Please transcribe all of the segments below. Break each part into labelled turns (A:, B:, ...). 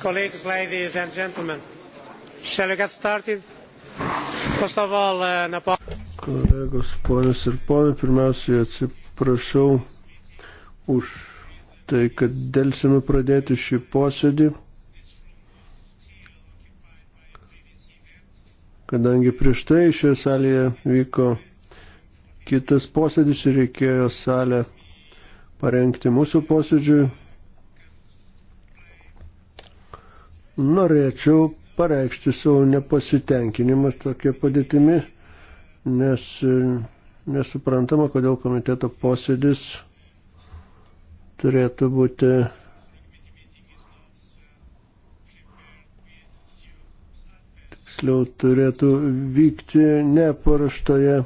A: Colleagues, ladies and gentlemen, shall we get started? First of all, uh, Nepal. Kolegos,
B: ponės ir ponai, pirmiausiai atsiprašau už tai, kad dėlsime pradėti šį posėdį, kadangi prieš tai šioje salėje vyko kitas posėdis ir reikėjo salę parengti mūsų posėdžiui, norėčiau pareikšti savo nepasitenkinimą tokia padėtimi, nes e, nesuprantama, kodėl komiteto posėdis turėtų būti tiksliau turėtų vykti ne paraštoje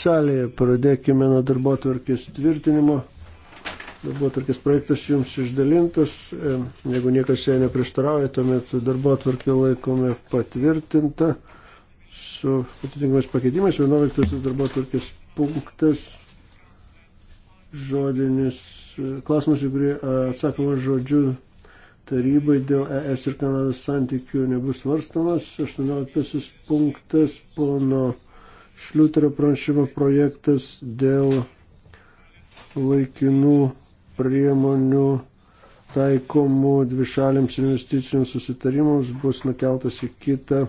B: salėje. Pradėkime nuo darbo tvarkės tvirtinimo darbo atvarkės projektas jums išdalintas. E, jeigu niekas jai neprieštarauja, tuomet darbo atvarkė laikome patvirtinta su atitinkamais pakeitimais. 11 darbo atvarkės punktas žodinis e, klausimas, į kurį e, atsakoma žodžiu tarybai dėl ES ir Kanados santykių nebus svarstamas. 18 punktas pono Šliuterio pranešimo projektas dėl laikinų priemonių taikomų dvišaliams investiciniams susitarimams bus nukeltas į kitą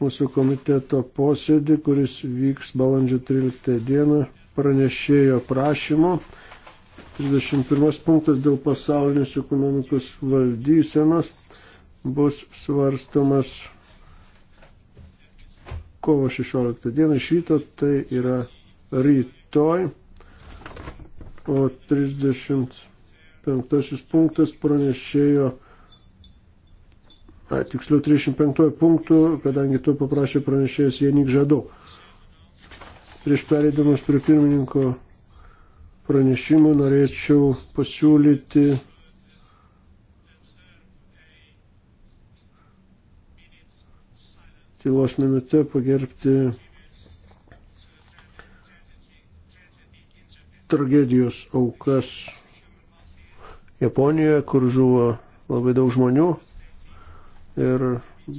B: mūsų komiteto posėdį, kuris vyks balandžio 13 dieną pranešėjo prašymu. 31 punktas dėl pasaulinės ekonomikos valdysenos bus svarstomas kovo 16 dieną iš ryto, tai yra rytoj o 35 punktas pranešėjo, a, tiksliau 35 punktų, kadangi to paprašė pranešėjas Janik Žadau. Prieš pereidamas prie pirmininko pranešimų norėčiau pasiūlyti tylos minutę pagerbti tragedijos aukas Japonijoje, kur žuvo labai daug žmonių ir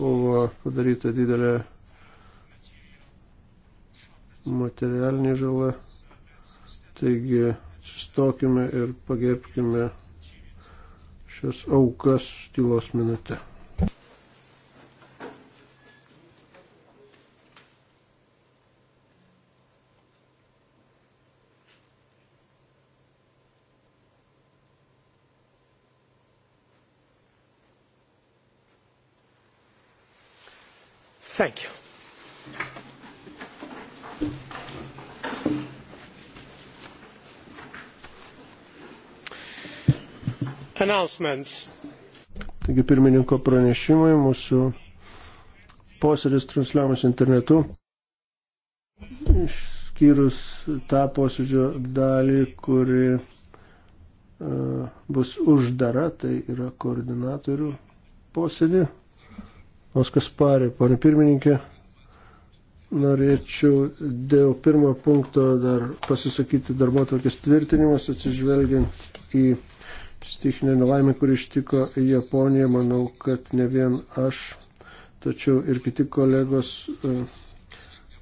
B: buvo padaryta didelė materialinė žala. Taigi, sustokime ir pagerbkime šias aukas tylos minutę.
A: Taigi
B: pirmininko pranešimai mūsų posėdis transliuojamas internetu. Išskyrus tą posėdžio dalį, kuri uh, bus uždara, tai yra koordinatorių posėdį. Oskas Parė, ponė pirmininkė. Norėčiau dėl pirmo punkto dar pasisakyti darbo tokias tvirtinimas atsižvelgiant į stichinė nelaimė, kuri ištiko Japoniją, manau, kad ne vien aš, tačiau ir kiti kolegos e,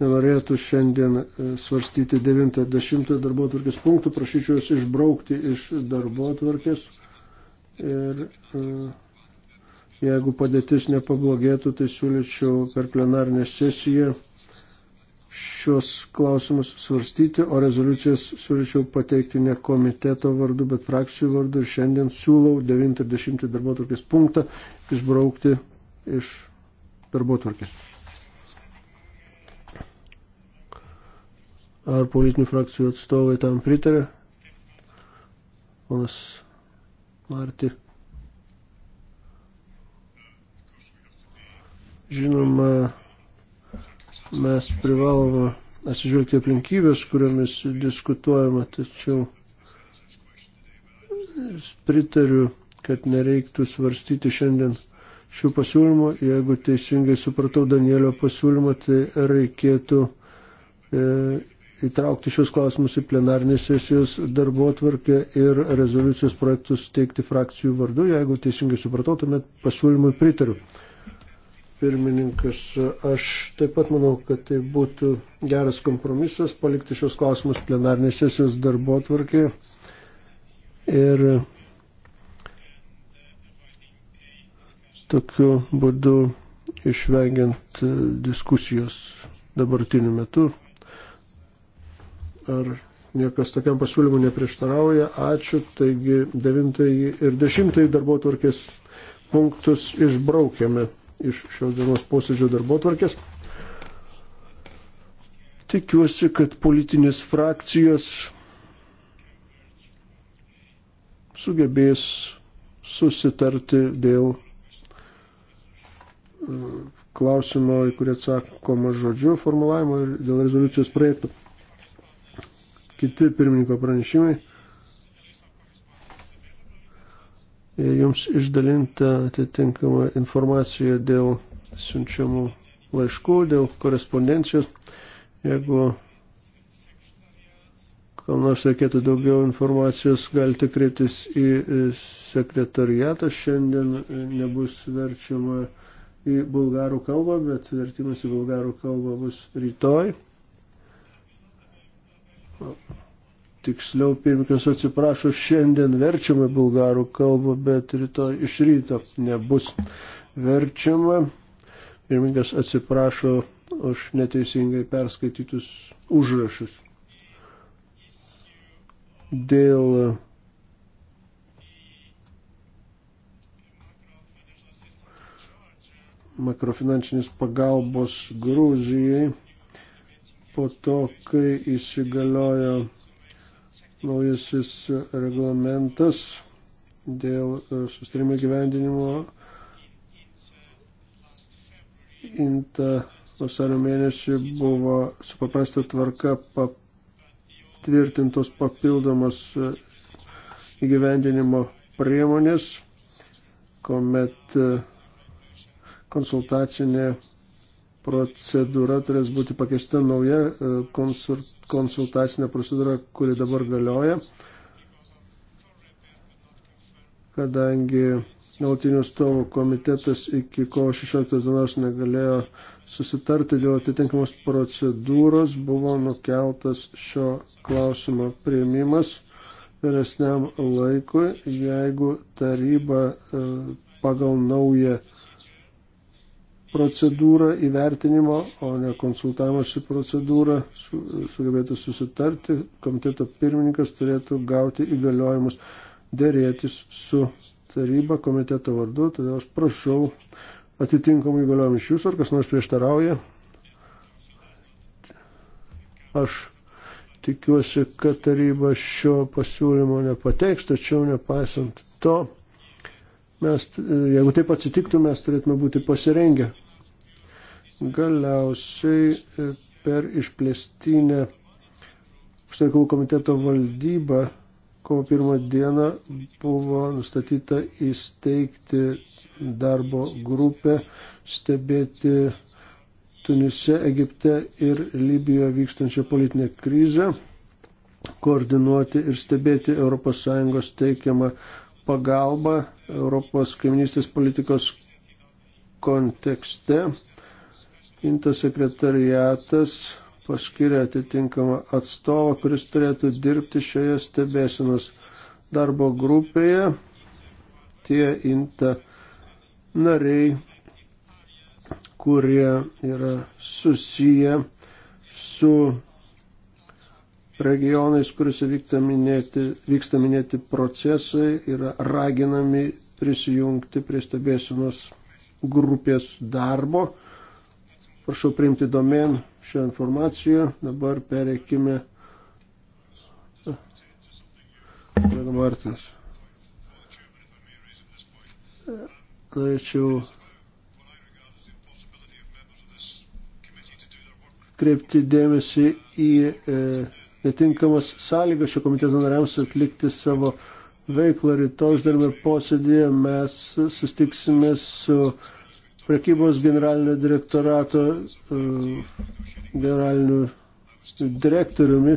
B: nenorėtų šiandien e, svarstyti 90 darbo tvarkės punktų, prašyčiau jūs išbraukti iš darbo tvarkės. Ir e, jeigu padėtis nepablogėtų, tai siūlyčiau per plenarnę sesiją šios klausimus svarstyti, o rezoliucijas siūlyčiau pateikti ne komiteto vardu, bet frakcijų vardu. Ir šiandien siūlau 90 darbo tvarkės punktą išbraukti iš darbo tvarkės. Ar politinių frakcijų atstovai tam pritarė? Ponas Marti. Žinoma, mes privalome atsižvelgti aplinkybės, kuriomis diskutuojama, tačiau pritariu, kad nereiktų svarstyti šiandien šių pasiūlymų. Jeigu teisingai supratau Danielio pasiūlymą, tai reikėtų e, įtraukti šios klausimus į plenarnės sesijos darbo atvarkę ir rezoliucijos projektus teikti frakcijų vardu. Jeigu teisingai supratau, tuomet pasiūlymui pritariu pirmininkas. Aš taip pat manau, kad tai būtų geras kompromisas palikti šios klausimus plenarnės sesijos darbo atvarkė. Ir tokiu būdu išvengiant diskusijos dabartiniu metu. Ar niekas tokiam pasiūlymui neprieštarauja. Ačiū. Taigi 9 ir 10 darbo tvarkės punktus išbraukėme iš šios dienos posėdžio darbo tvarkės. Tikiuosi, kad politinės frakcijos sugebės susitarti dėl e, klausimo, į kurį atsakoma žodžiu formulavimo ir dėl rezoliucijos projektų. Kiti pirmininko pranešimai. jums išdalinta atitinkama informacija dėl siunčiamų laiškų, dėl korespondencijos. Jeigu kam nors reikėtų daugiau informacijos, galite kreiptis į sekretariatą. Šiandien nebus verčiama į bulgarų kalbą, bet vertimas į bulgarų kalbą bus rytoj. Well tiksliau pirmininkas atsiprašo, šiandien verčiama bulgarų kalba, bet rytoj iš ryto nebus verčiama. Pirmininkas atsiprašo už neteisingai perskaitytus užrašus. Dėl makrofinansinės pagalbos Gruzijai po to, kai įsigaliojo naujasis reglamentas dėl e, sustarimo gyvendinimo inta vasario mėnesį buvo su paprasta tvarka patvirtintos papildomos e, įgyvendinimo priemonės, kuomet e, konsultacinė procedūra turės būti pakeista nauja e, konsultacinė procedūra, kuri dabar galioja, kadangi Nautinių stovų komitetas iki kovo 16 dienos negalėjo susitarti dėl atitinkamos procedūros, buvo nukeltas šio klausimo prieimimas vėlesniam laikui, jeigu taryba e, pagal naują procedūrą įvertinimo, o ne konsultavimosi procedūrą, su, sugebėtų susitarti, komiteto pirmininkas turėtų gauti įgaliojimus dėrėtis su taryba komiteto vardu, todėl aš prašau atitinkamų įgaliojimų iš jūsų, ar kas nors prieštarauja. Aš tikiuosi, kad taryba šio pasiūlymo nepateiks, tačiau nepaisant to, mes, jeigu taip atsitiktų, mes turėtume būti pasirengę Galiausiai e, per išplėstinę užsienio komiteto valdybą kovo pirmą dieną buvo nustatyta įsteigti darbo grupę, stebėti Tunise, Egipte ir Libijoje vykstančią politinę krizę, koordinuoti ir stebėti ES teikiamą pagalbą Europos kaiminystės politikos kontekste Inta sekretariatas paskiria atitinkamą atstovą, kuris turėtų dirbti šioje stebėsinos darbo grupėje. Tie Inta nariai, kurie yra susiję su regionais, kuriuose vyksta minėti, vyksta minėti procesai, yra raginami prisijungti prie stebėsinos grupės darbo. Prašau priimti domen šią informaciją. Dabar pereikime. Kolega Martinas. Norėčiau kreipti dėmesį į e, netinkamas sąlygas šio komiteto nariams atlikti savo veiklą. Rytoj uždarime posėdėje mes sustiksime su e, prekybos generalinio direktorato e, generaliniu direktoriumi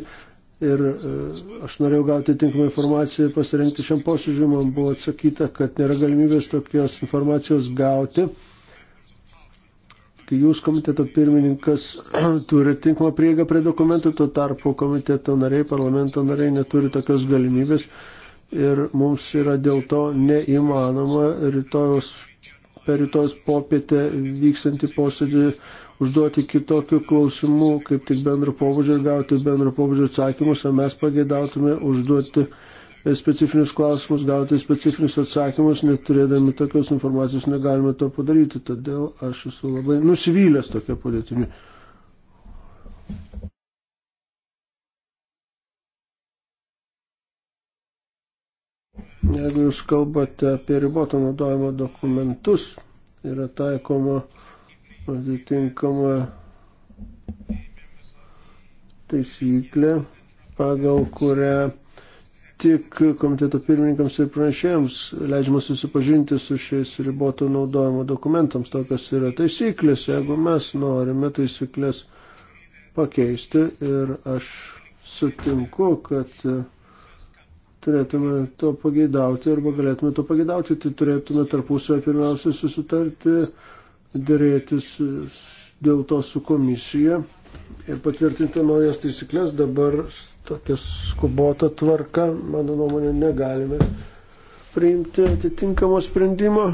B: ir e, aš norėjau gauti tinkamą informaciją pasirinkti šiam posėdžiui, man buvo atsakyta, kad nėra galimybės tokios informacijos gauti. Kai jūs komiteto pirmininkas turi tinkamą prieigą prie dokumentų, tuo tarpu komiteto nariai, parlamento nariai neturi tokios galimybės ir mums yra dėl to neįmanoma rytojus per rytojus popietę vykstantį posėdį užduoti kitokių klausimų, kaip tik bendro pobūdžio ir gauti bendro pobūdžio atsakymus, o mes pageidautume užduoti e, specifinius klausimus, gauti specifinius atsakymus, neturėdami tokios informacijos negalime to padaryti. Todėl aš esu labai nusivylęs tokia padėtimi. Jeigu jūs kalbate apie riboto naudojimo dokumentus, yra taikoma atitinkama taisyklė, pagal kurią tik komiteto pirmininkams ir pranešėjams leidžiama susipažinti su šiais riboto naudojimo dokumentams. Tokios yra taisyklės, jeigu mes norime taisyklės pakeisti ir aš sutinku, kad turėtume to pagėdauti arba galėtume to pagėdauti, tai turėtume tarpusavę pirmiausia susitarti, dėrėtis dėl to su komisija ir patvirtinti naujas taisyklės. Dabar tokia skubota tvarka, mano nuomonė, negalime priimti atitinkamo sprendimo.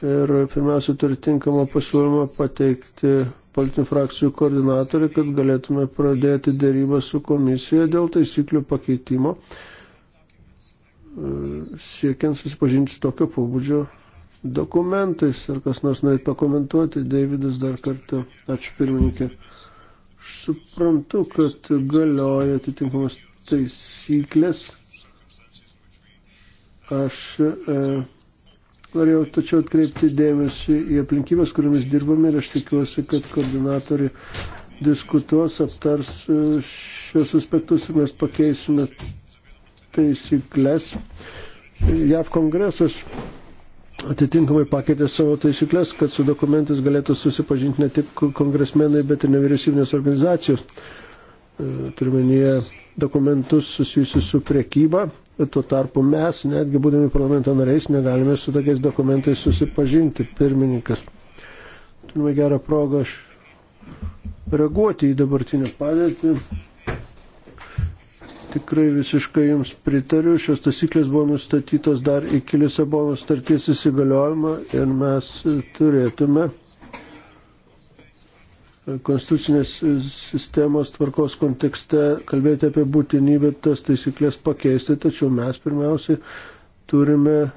B: Ir pirmiausia, turi tinkamą pasiūlymą pateikti politinių frakcijų koordinatoriai, kad galėtume pradėti dėrybą su komisija dėl taisyklių pakeitimo, e, siekiant susipažinti su tokio pobūdžio dokumentais. Ar kas nors norėtų pakomentuoti? Davidas dar kartą. Ačiū pirmininkė. Aš suprantu, kad galioja atitinkamas taisyklės. Aš. E, Norėjau tačiau atkreipti dėmesį į aplinkybės, kuriomis dirbame ir aš tikiuosi, kad koordinatoriai diskutuos, aptars e, šios aspektus ir mes pakeisime taisyklės. JAV kongresas atitinkamai pakeitė savo taisyklės, kad su dokumentais galėtų susipažinti ne tik kongresmenai, bet ir nevyriausybinės organizacijos. E, Turimenyje dokumentus susijusius su priekyba Tuo tarpu mes, netgi būdami parlamento nariais, negalime su tokiais dokumentais susipažinti, pirmininkas. Turime gerą progą aš reaguoti į dabartinę padėtį. Tikrai visiškai jums pritariu. Šios taisyklės buvo nustatytos dar iki Lisabono starties įsigaliojimo ir mes turėtume konstitucinės sistemos tvarkos kontekste kalbėti apie būtinybę tas taisyklės pakeisti, tačiau mes pirmiausiai turime e,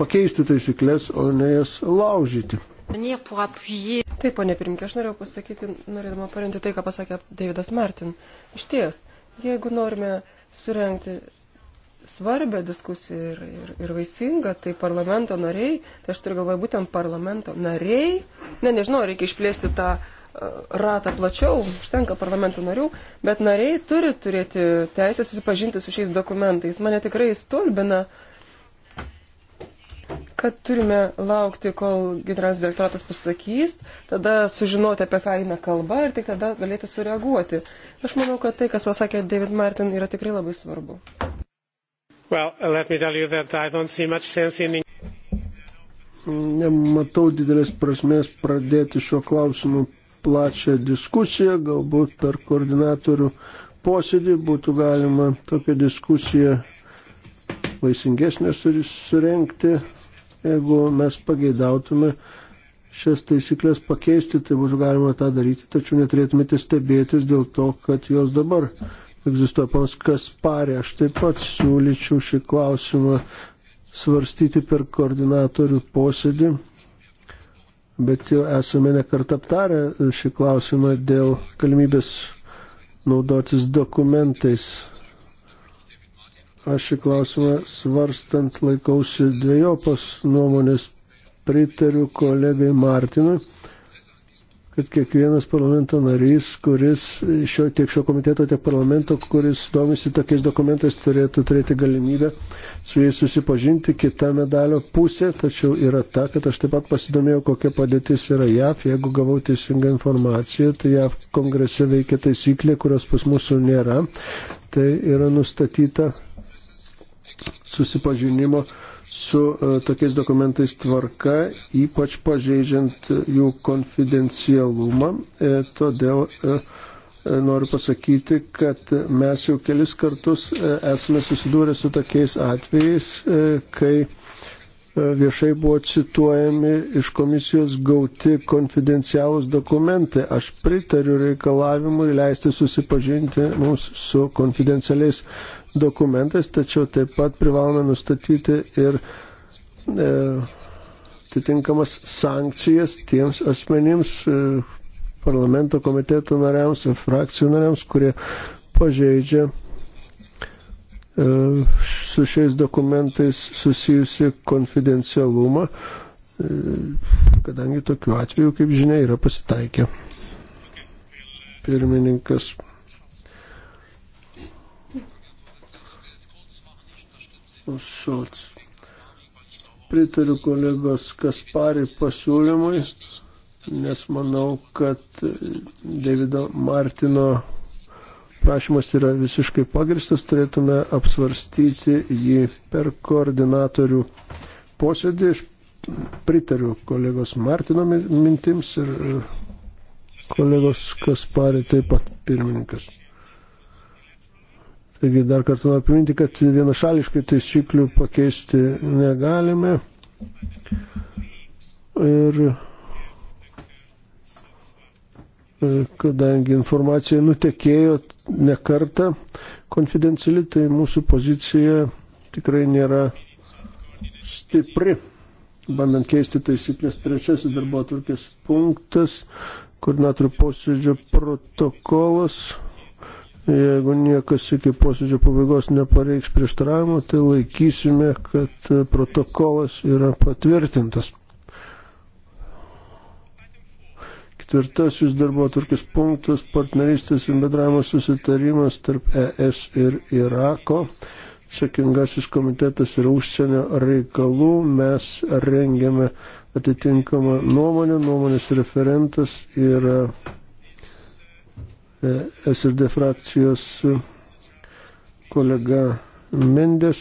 B: pakeisti taisyklės, o ne jas laužyti.
C: Taip, ponė pirmininkė, aš norėjau pasakyti, norėdama paremti tai, ką pasakė Davidas Martin. Iš ties, jeigu norime surenkti svarbę diskusiją ir, ir, ir vaisingą, tai parlamento nariai, tai aš turiu galvoje būtent parlamento nariai, ne, nežinau, reikia išplėsti tą e, ratą plačiau, užtenka parlamento narių, bet nariai turi turėti teisę susipažinti su šiais dokumentais. Mane tikrai stulbina, kad turime laukti, kol generalinis direktoratas pasakys, tada sužinoti, apie ką eina kalba ir tik tada galėti sureaguoti. Aš manau, kad tai, kas pasakė David Martin, yra tikrai labai svarbu.
A: Well, let me tell you that I don't see much sense in
B: Nematau didelės prasmės pradėti šiuo klausimu plačią diskusiją, galbūt per koordinatorių posėdį būtų galima tokią diskusiją vaisingesnė surenkti, jeigu mes pageidautume šias taisyklės pakeisti, tai būtų galima tą daryti, tačiau neturėtumėte stebėtis dėl to, kad jos dabar egzistuoja panas Kasparė. Aš taip pat siūlyčiau šį klausimą svarstyti per koordinatorių posėdį, bet jau esame nekart aptarę šį klausimą dėl galimybės naudotis dokumentais. Aš šį klausimą svarstant laikausi dviejopos nuomonės, pritariu kolegai Martinui kad kiekvienas parlamento narys, kuris šio, tiek šio komiteto, tiek parlamento, kuris domisi tokiais dokumentais, turėtų turėti galimybę su jais susipažinti. Kita medalio pusė, tačiau yra ta, kad aš taip pat pasidomėjau, kokia padėtis yra JAV. Jeigu gavau teisingą informaciją, tai JAV kongrese veikia taisyklė, kurios pas mūsų nėra. Tai yra nustatyta susipažinimo su e, tokiais dokumentais tvarka, ypač pažeidžiant jų konfidencialumą. E, todėl e, noriu pasakyti, kad mes jau kelis kartus esame susidūrę su tokiais atvejais, kai viešai buvo cituojami iš komisijos gauti konfidencialūs dokumentai. Aš pritariu reikalavimui leisti susipažinti mums su konfidencialiais dokumentais, tačiau taip pat privalome nustatyti ir e, atitinkamas sankcijas tiems asmenims, e, parlamento komiteto nariams ir frakcijų nariams, kurie pažeidžia e, su šiais dokumentais susijusi konfidencialumą, e, kadangi tokių atvejų, kaip žinia, yra pasitaikę. Pirmininkas Šulc. Pritariu kolegos Kasparį pasiūlymui, nes manau, kad Davido Martino prašymas yra visiškai pagristas, turėtume apsvarstyti jį per koordinatorių posėdį. Aš pritariu kolegos Martino mintims ir kolegos Kasparį taip pat pirmininkas. Taigi dar kartą noriu priminti, kad vienašališkai taisyklių pakeisti negalime. Ir e, kadangi informacija nutekėjo ne kartą konfidenciali, tai mūsų pozicija tikrai nėra stipri. Bandant keisti taisyklės, trečiasis darbo atvarkės punktas, koordinatorių posėdžio protokolas. Jeigu niekas iki posėdžio pabaigos nepareiks prieštaravimo, tai laikysime, kad protokolas yra patvirtintas. Ketvirtasis darbo turkis punktas - partnerystės ir bendravimo susitarimas tarp ES ir Irako. Atsakingasis komitetas yra užsienio reikalų. Mes rengiame atitinkamą nuomonę. Nuomonės referentas yra SRD frakcijos kolega Mendes.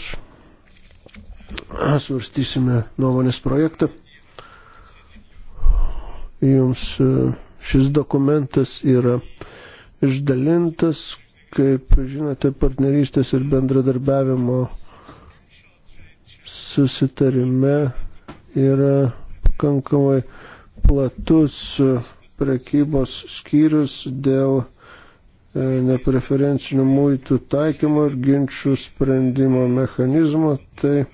B: Svarstysime nuomonės projektą. Jums e, šis dokumentas yra išdalintas, kaip žinote, partnerystės ir bendradarbiavimo susitarime yra pakankamai platus prekybos skyrius dėl E, nepreferencinių muitų taikymo ir ginčių sprendimo mechanizmo, tai e,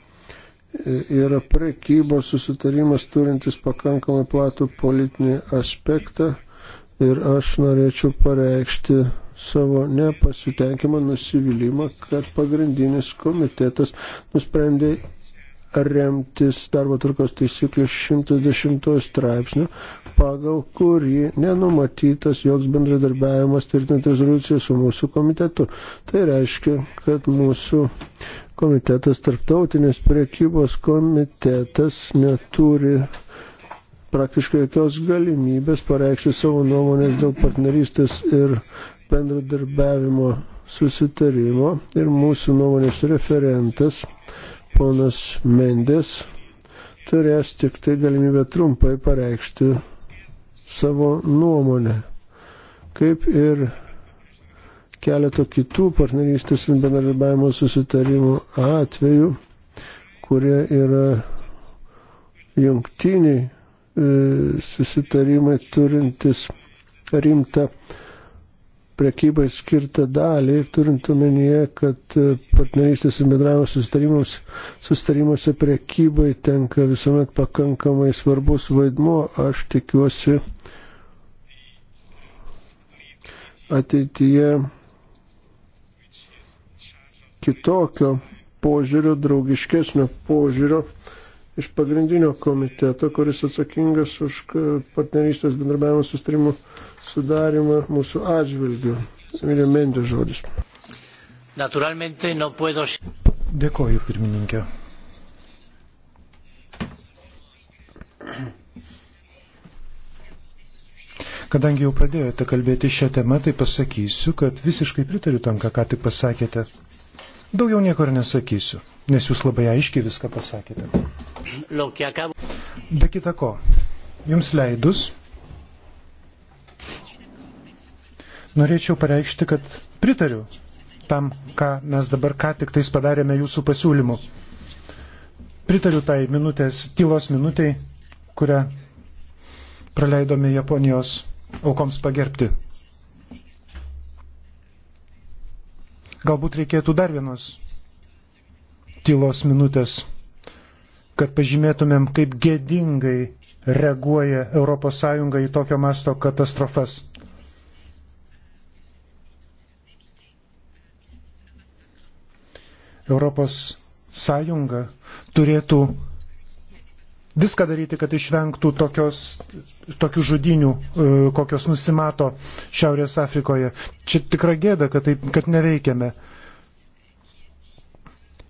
B: yra prekybos susitarimas turintis pakankamai platų politinį aspektą ir aš norėčiau pareikšti savo nepasitenkimą, nusivylimą, kad pagrindinis komitetas nusprendė remtis darbo tvarkos taisyklių 110 straipsnių, pagal kurį nenumatytas joks bendradarbiavimas tvirtinant rezoliuciją su mūsų komitetu. Tai reiškia, kad mūsų komitetas, tarptautinės priekybos komitetas neturi praktiškai jokios galimybės pareikšti savo nuomonės dėl partnerystės ir bendradarbiavimo susitarimo ir mūsų nuomonės referentas ponas Mendes turės tik tai galimybę trumpai pareikšti savo nuomonę, kaip ir keletą kitų partnerystės ir bendradarbiavimo susitarimų atvejų, kurie yra jungtiniai e, susitarimai turintis rimtą prekybai skirtą dalį, turint omenyje, kad e, partnerystės ir bendravimo susitarimuose prekybai tenka visuomet pakankamai svarbus vaidmuo. Aš tikiuosi, ateityje kitokio požiūrio, draugiškesnio požiūrio iš pagrindinio komiteto, kuris atsakingas už partnerystės bendrabiavimo sustarimų sudarimą mūsų atžvilgių. Vilija Mendė žodis.
A: Naturalmente no puedo. Dėkoju, pirmininkė. Kadangi jau pradėjote kalbėti šią temą, tai pasakysiu, kad visiškai pritariu tam, ką tik pasakėte. Daugiau nieko ir nesakysiu, nes jūs labai aiškiai viską pasakėte. Be kita ko, jums leidus, norėčiau pareikšti, kad pritariu tam, ką mes dabar ką tik tais padarėme jūsų pasiūlymu. Pritariu tai minutės, tylos minutiai, kurią praleidome Japonijos aukoms pagerbti. Galbūt reikėtų dar vienos tylos minutės, kad pažymėtumėm, kaip gėdingai reaguoja ES į tokio masto katastrofas. Europos Sąjunga turėtų viską daryti, kad išvengtų tokios, tokių žudinių, e, kokios nusimato Šiaurės Afrikoje. Čia tikra gėda, kad, taip, kad neveikiame.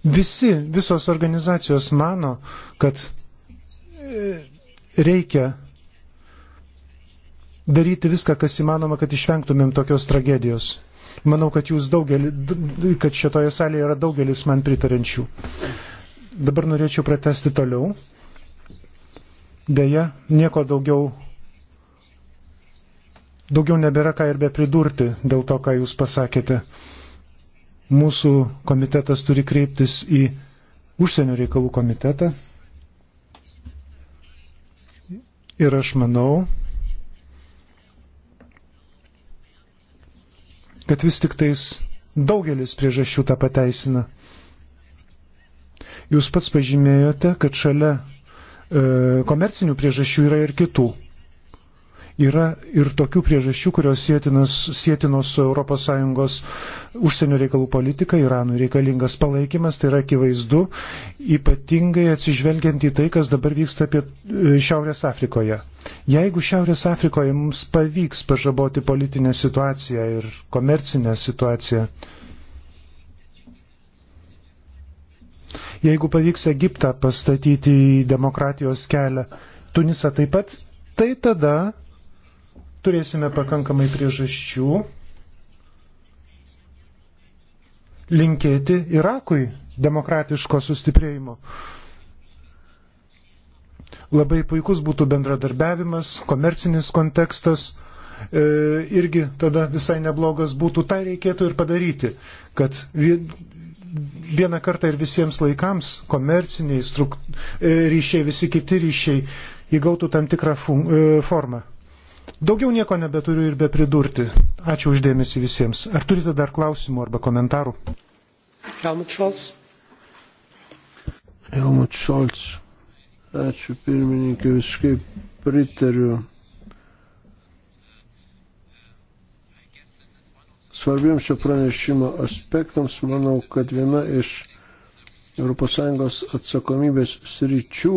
A: Visi, visos organizacijos mano, kad e, reikia daryti viską, kas įmanoma, kad išvengtumėm tokios tragedijos. Manau, kad jūs daugelį, kad šitoje salėje yra daugelis man pritarančių. Dabar norėčiau pratesti toliau. Deja, nieko daugiau, daugiau nebėra ką ir be pridurti dėl to, ką Jūs pasakėte. Mūsų komitetas turi kreiptis į užsienio reikalų komitetą. Ir aš manau, kad vis tik tais daugelis priežasčių tą pateisina. Jūs pats pažymėjote, kad šalia E, komercinių priežasčių, yra ir kitų. Yra ir tokių priežasčių, kurios sėtinos, sėtinos su ES užsienio reikalų politika, Iranui reikalingas palaikymas, tai yra akivaizdu, ypatingai atsižvelgiant į tai, kas dabar vyksta apie e, Šiaurės Afrikoje. Jeigu Šiaurės Afrikoje mums pavyks pažaboti politinę situaciją ir komercinę situaciją, Jeigu pavyks Egiptą pastatyti į demokratijos kelią, Tunisą taip pat, tai tada turėsime pakankamai priežasčių linkėti Irakui demokratiško sustiprėjimo. Labai puikus būtų bendradarbiavimas, komercinis kontekstas e, irgi tada visai neblogas būtų. Tai reikėtų ir padaryti, kad vieną kartą ir visiems laikams komerciniai struk... E, ryšiai, visi kiti ryšiai įgautų tam tikrą fun... E, formą. Daugiau nieko nebeturiu ir be pridurti. Ačiū uždėmesi visiems. Ar turite dar klausimų arba komentarų?
B: Helmut Scholz.
A: Helmut Scholz. Ačiū pirmininkai,
B: visiškai pritariu svarbiems šio pranešimo aspektams. Manau, kad viena iš ES atsakomybės sričių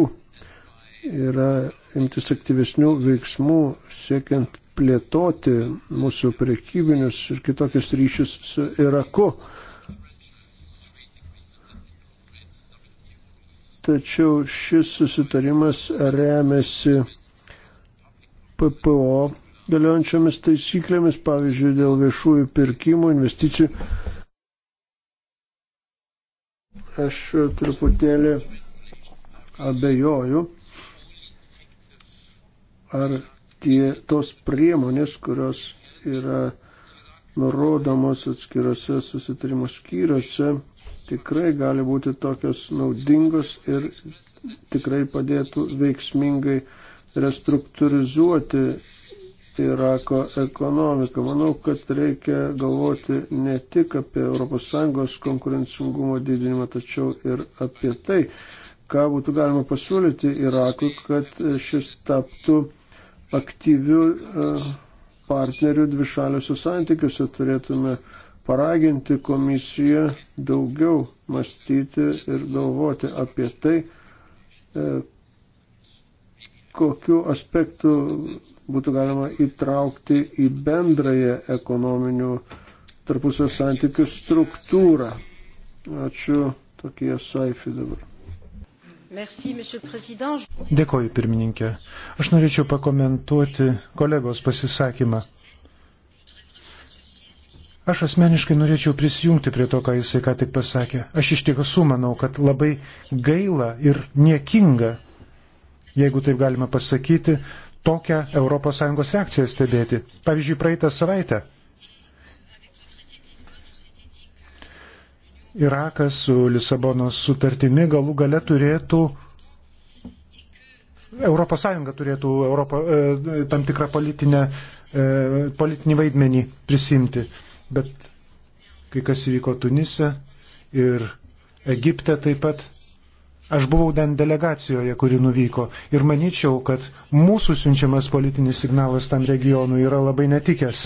B: yra imtis aktyvesnių veiksmų siekiant plėtoti mūsų prekybinius ir kitokius ryšius su Iraku. Tačiau šis susitarimas remiasi PPO galiojančiomis taisyklėmis, pavyzdžiui, dėl viešųjų pirkimų, investicijų. Aš truputėlį abejoju, ar tie, tos priemonės, kurios yra nurodomos atskirose susitarimo skyriuose, tikrai gali būti tokios naudingos ir tikrai padėtų veiksmingai restruktūrizuoti Irako ekonomiką. Manau, kad reikia galvoti ne tik apie ES konkurencingumo didinimą, tačiau ir apie tai, ką būtų galima pasiūlyti Irakui, kad šis taptų aktyvių e, partnerių dvišaliuose santykiuose. Turėtume paraginti komisiją daugiau mąstyti ir galvoti apie tai, e, kokiu aspektu būtų galima įtraukti į bendrąją ekonominių tarpusio santykių struktūrą. Ačiū
A: tokie saifi dabar. Merci, Dėkoju, pirmininkė. Aš norėčiau pakomentuoti kolegos pasisakymą. Aš asmeniškai norėčiau prisijungti prie to, ką jisai ką tik pasakė. Aš iš tiesų manau, kad labai gaila ir niekinga jeigu taip galima pasakyti, tokią ES reakciją stebėti. Pavyzdžiui, praeitą savaitę Irakas su Lisabonos sutartimi galų gale turėtų ES turėtų Europo, e, tam tikrą politinę, e, politinį vaidmenį prisimti. Bet kai kas įvyko Tunise ir Egipte taip pat Aš buvau ten delegacijoje, kuri nuvyko ir manyčiau, kad mūsų siunčiamas politinis signalas tam regionui yra labai netikęs.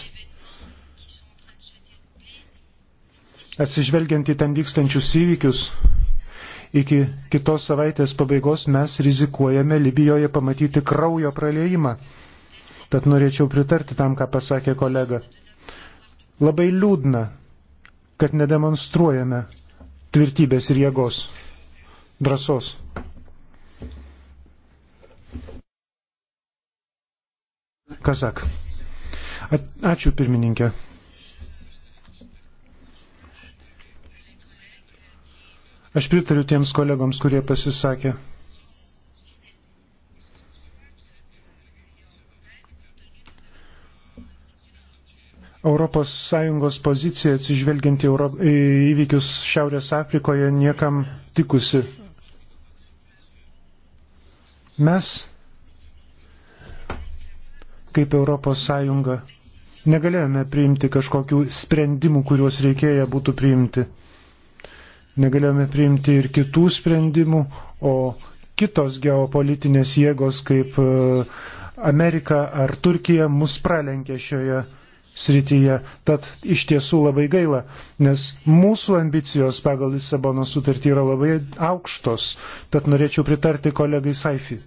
A: Atsižvelgiant į ten vykstančius įvykius, iki kitos savaitės pabaigos mes rizikuojame Libijoje pamatyti kraujo praleimą. Tad norėčiau pritarti tam, ką pasakė kolega. Labai liūdna, kad nedemonstruojame tvirtybės ir jėgos drąsos. Kazak. Ačiū pirmininkė. Aš pritariu tiems kolegoms, kurie pasisakė. ES pozicija atsižvelgiant į įvykius Šiaurės Afrikoje niekam tikusi Mes, kaip ES, negalėjome priimti kažkokių sprendimų, kuriuos reikėjo būtų priimti. Negalėjome priimti ir kitų sprendimų, o kitos geopolitinės jėgos kaip e, Amerika ar Turkija mus pralenkė šioje srityje. Tad iš tiesų labai gaila, nes mūsų ambicijos pagal Lisabono sutartį yra labai aukštos. Tad norėčiau pritarti kolegai Saifi.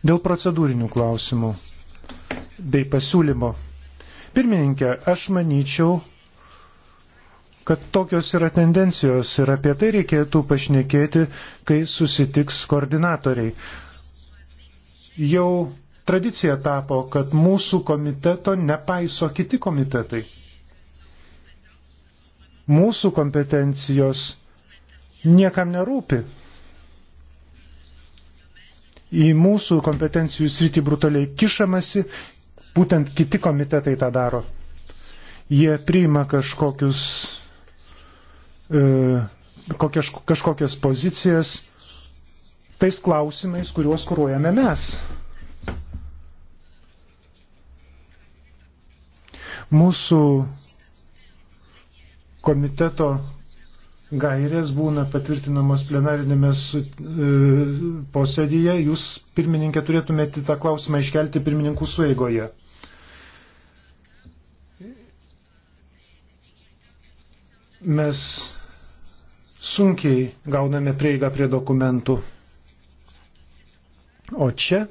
A: Dėl procedūrinių klausimų bei pasiūlymo. Pirmininkė, aš manyčiau, kad tokios yra tendencijos ir apie tai reikėtų pašnekėti, kai susitiks koordinatoriai. Jau tradicija tapo, kad mūsų komiteto nepaiso kiti komitetai. Mūsų kompetencijos niekam nerūpi. Į mūsų kompetencijų sritį brutaliai kišamasi, būtent kiti komitetai tą daro. Jie priima kažkokius, e, kokias, kažkokias pozicijas tais klausimais, kuriuos kūruojame mes. Mūsų komiteto gairės būna patvirtinamos plenarinėme e, posėdyje. Jūs, pirmininkė, turėtumėte tą klausimą iškelti pirmininkų sueigoje. Mes sunkiai gauname prieigą prie dokumentų. O čia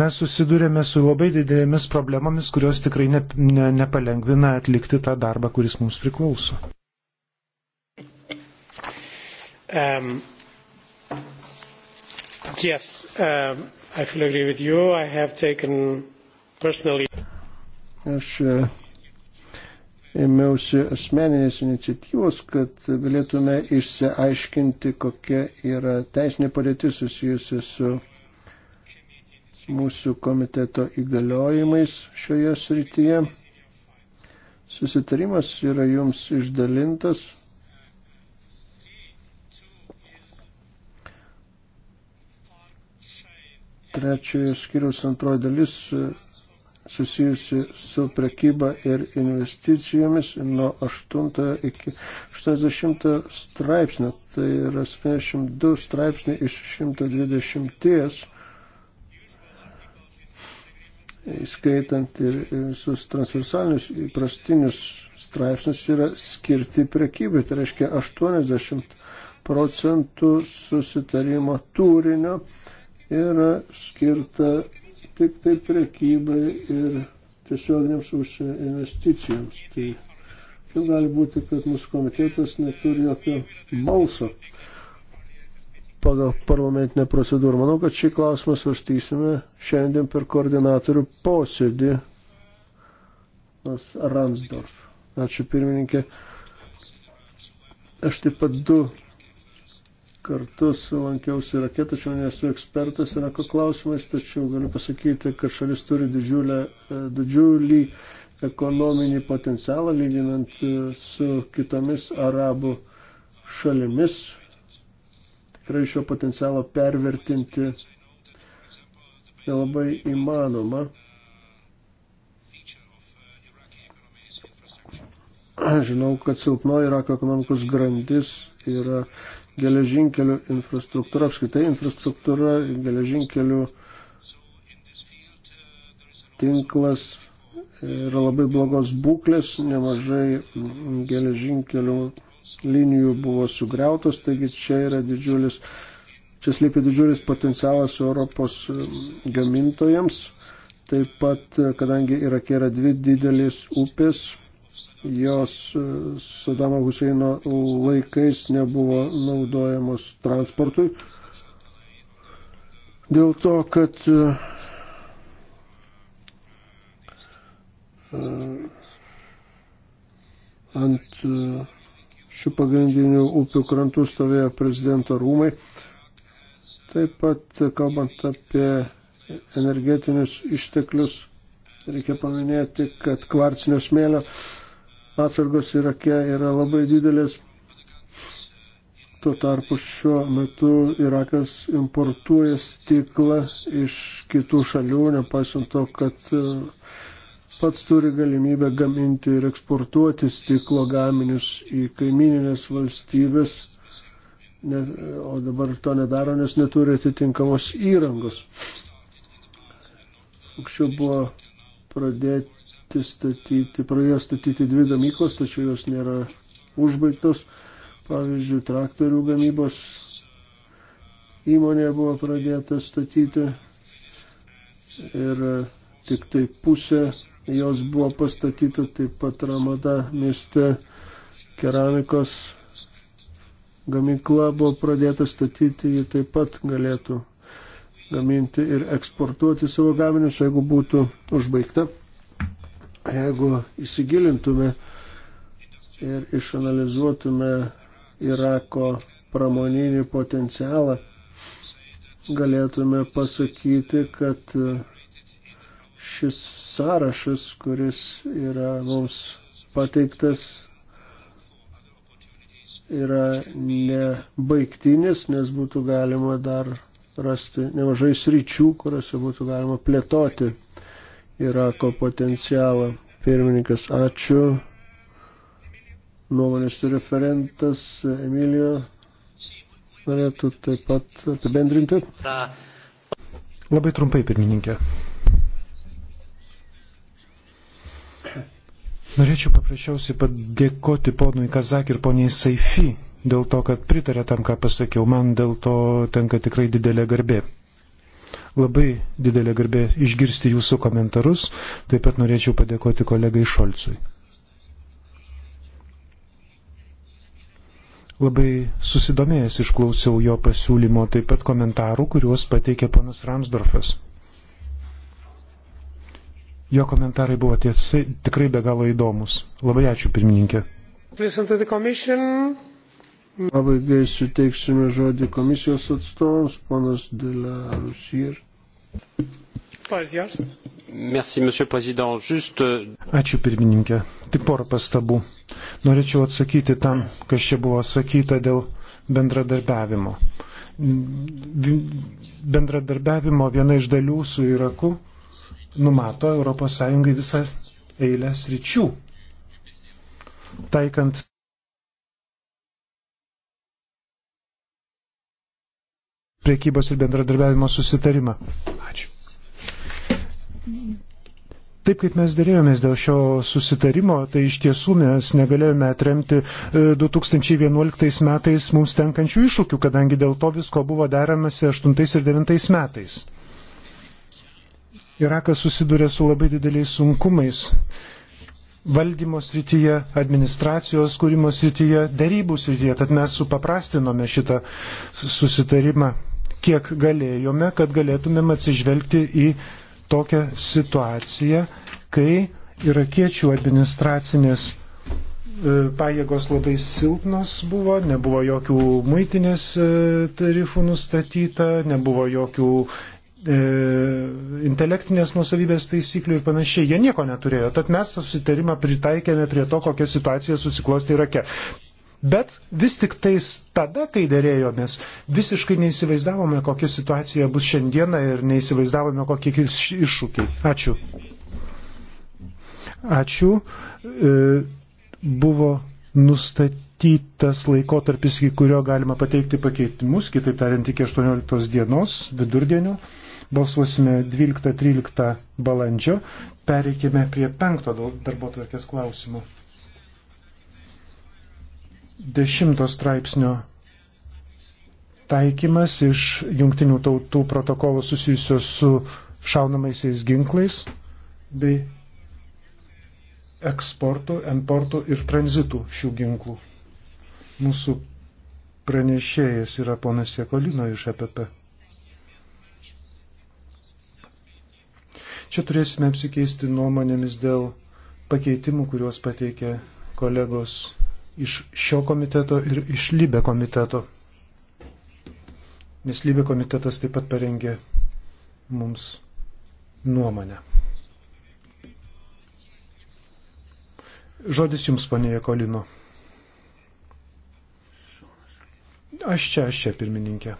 A: mes susidurėme su labai didelėmis problemomis, kurios tikrai ne, ne, nepalengvina atlikti tą darbą, kuris mums priklauso. Um, yes, um, I fully agree with you. I have taken personally.
B: Aš uh, ėmiausi asmeninės iniciatyvos, kad galėtume išsiaiškinti, kokia yra teisinė padėtis susijusi su mūsų komiteto įgaliojimais šioje srityje. Susitarimas yra jums išdalintas. Trečiojo skiriaus antroji dalis e, susijusi su prekyba ir investicijomis nuo 8 iki 80 straipsnio. Tai yra 72 straipsniai iš 120 įskaitant ir visus transversalinius įprastinius straipsnius, yra skirti prekybai. Tai reiškia 80 procentų susitarimo turinio yra skirta tik tai prekybai ir tiesioginiams užsienio investicijoms. Tai kaip gali būti, kad mūsų komitetas neturi jokio balso pagal parlamentinę procedūrą. Manau, kad šį klausimą svarstysime šiandien per koordinatorių posėdį. Nors Ransdorf. Ačiū pirmininkė. Aš taip pat du kartus lankiausi rakė, tačiau nesu ekspertas rako klausimais, tačiau galiu pasakyti, kad šalis turi didžiulę, e, didžiulį ekonominį potencialą lyginant e, su kitomis arabų šalimis, tikrai šio potencialo pervertinti nelabai įmanoma. Žinau, kad silpnoji Irako ekonomikos grandis yra geležinkelių infrastruktūra, apskaitai infrastruktūra, geležinkelių tinklas yra labai blogos būklės, nemažai geležinkelių linijų buvo sugriautos, taigi čia yra didžiulis, čia slypi didžiulis potencialas Europos um, gamintojams. Taip pat, kadangi Irake yra dvi didelis upės, jos uh, Sadamo Huseino laikais nebuvo naudojamos transportui. Dėl to, kad uh, uh, ant šių pagrindinių upių krantų stovėjo prezidento rūmai. Taip pat, kalbant apie energetinius išteklius, reikia paminėti, kad kvarcinio smėlio atsargos Irake yra labai didelės. Tuo tarpu šiuo metu Irakas importuoja stiklą iš kitų šalių, nepaisant to, kad uh, pats turi galimybę gaminti ir eksportuoti stiklo gaminius į kaimininės valstybės, ne, o dabar to nedaro, nes neturi atitinkamos įrangos. Anksčiau buvo pradėti statyti, pradėjo statyti dvi gamyklos, tačiau jos nėra užbaigtos. Pavyzdžiui, traktorių gamybos įmonė buvo pradėta statyti ir tik tai pusė jos buvo pastatyta taip pat Ramada mieste keramikos gamykla buvo pradėta statyti, ji taip pat galėtų gaminti ir eksportuoti savo gaminius, jeigu būtų užbaigta. Jeigu įsigilintume ir išanalizuotume Irako pramoninį potencialą, galėtume pasakyti, kad šis sąrašas, kuris yra mums pateiktas, yra nebaigtinis, nes būtų galima dar rasti nemažai sričių, kuriuose būtų galima plėtoti Irako potencialą. Pirmininkas, ačiū. Nuomonės referentas Emilio norėtų taip pat apibendrinti.
A: Labai trumpai, pirmininkė. Norėčiau paprasčiausiai padėkoti ponui Kazak ir poniai Saifi dėl to, kad pritarė tam, ką pasakiau. Man dėl to tenka tikrai didelė garbė. Labai didelė garbė išgirsti jūsų komentarus. Taip pat norėčiau padėkoti kolegai Šolcui. Labai susidomėjęs išklausiau jo pasiūlymo, taip pat komentarų, kuriuos pateikė ponas Ramsdorfas. Jo komentarai buvo tiesai, tikrai be galo įdomus. Labai ačiū, pirmininkė. Pabaigai suteiksime
B: žodį komisijos atstovams, ponas Delarus ir.
A: Euh, ačiū pirmininkė. Tik porą pastabų. Norėčiau atsakyti tam, kas čia buvo sakyta dėl bendradarbiavimo. Bendradarbiavimo viena iš dalių su Iraku numato ES visą eilę sričių, taikant priekybos ir bendradarbiavimo susitarimą. Ačiū. Taip kaip mes dėrėjomės dėl šio susitarimo, tai iš tiesų mes negalėjome atremti 2011 e, metais mums tenkančių iššūkių, kadangi dėl to visko buvo deramasi 8 ir 9 metais. Irakas susiduria su labai dideliais sunkumais valdymo srityje, administracijos kūrimo srityje, darybų srityje. Tad mes supaprastinome šitą susitarimą, kiek galėjome, kad galėtumėm atsižvelgti į tokią situaciją, kai irakiečių administracinės e, pajėgos labai silpnos buvo, nebuvo jokių muitinės e, tarifų nustatyta, nebuvo jokių e, intelektinės nusavybės taisyklių ir panašiai. Jie nieko neturėjo. Tad mes susitarimą pritaikėme prie to, kokia situacija susiklosti Irake. Bet vis tik tais tada, kai dėrėjomės, visiškai neįsivaizdavome, kokia situacija bus šiandieną ir neįsivaizdavome, kokie iššūkiai. Ačiū. Ačiū. E, buvo nustatytas laikotarpis, iki kurio galima pateikti pakeitimus, kitaip tariant, iki 18 dienos vidurdienio balsuosime 12-13 balandžio. Pereikime prie penkto darbo tvarkės klausimo. Dešimto straipsnio taikymas iš jungtinių tautų protokolo susijusio su šaunamaisiais ginklais bei eksportų, importų ir tranzitų šių ginklų. Mūsų pranešėjas yra ponas Jekolino iš EPP. Čia turėsime apsikeisti nuomonėmis dėl pakeitimų, kuriuos pateikė kolegos iš šio komiteto ir iš Lybe komiteto. Nes Lybe komitetas taip pat parengė mums nuomonę. Žodis jums, ponė Jekolino. Aš čia, aš čia, pirmininkė.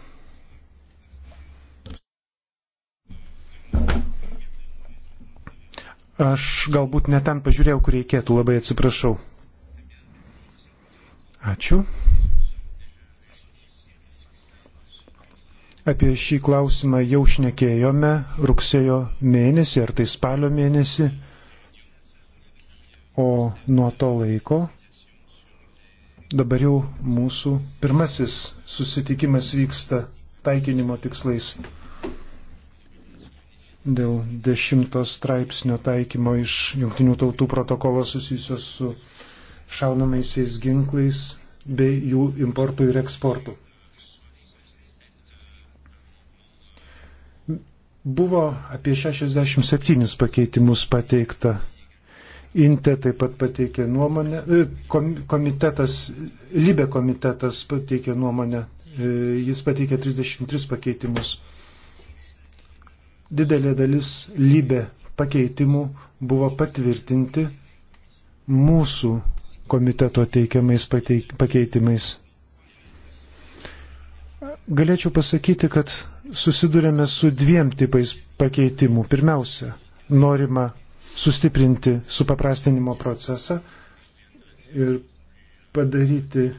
A: Aš galbūt ne ten pažiūrėjau, kur reikėtų, labai atsiprašau. Ačiū. Apie šį klausimą jau šnekėjome rugsėjo mėnesį ar tai spalio mėnesį, o nuo to laiko dabar jau mūsų pirmasis susitikimas vyksta taikinimo tikslais dėl dešimtos straipsnio taikymo iš jungtinių tautų protokolo susijusios su šaunamaisiais ginklais bei jų importų ir eksportų. Buvo apie 67 pakeitimus pateikta. Inte taip pat pateikė nuomonę, e, komitetas, Libė komitetas pateikė nuomonę, e, jis pateikė 33 pakeitimus didelė dalis lybė pakeitimų buvo patvirtinti mūsų komiteto teikiamais pateik, pakeitimais. Galėčiau pasakyti, kad susidurėme su dviem tipais pakeitimų. Pirmiausia, norima sustiprinti supaprastinimo procesą ir padaryti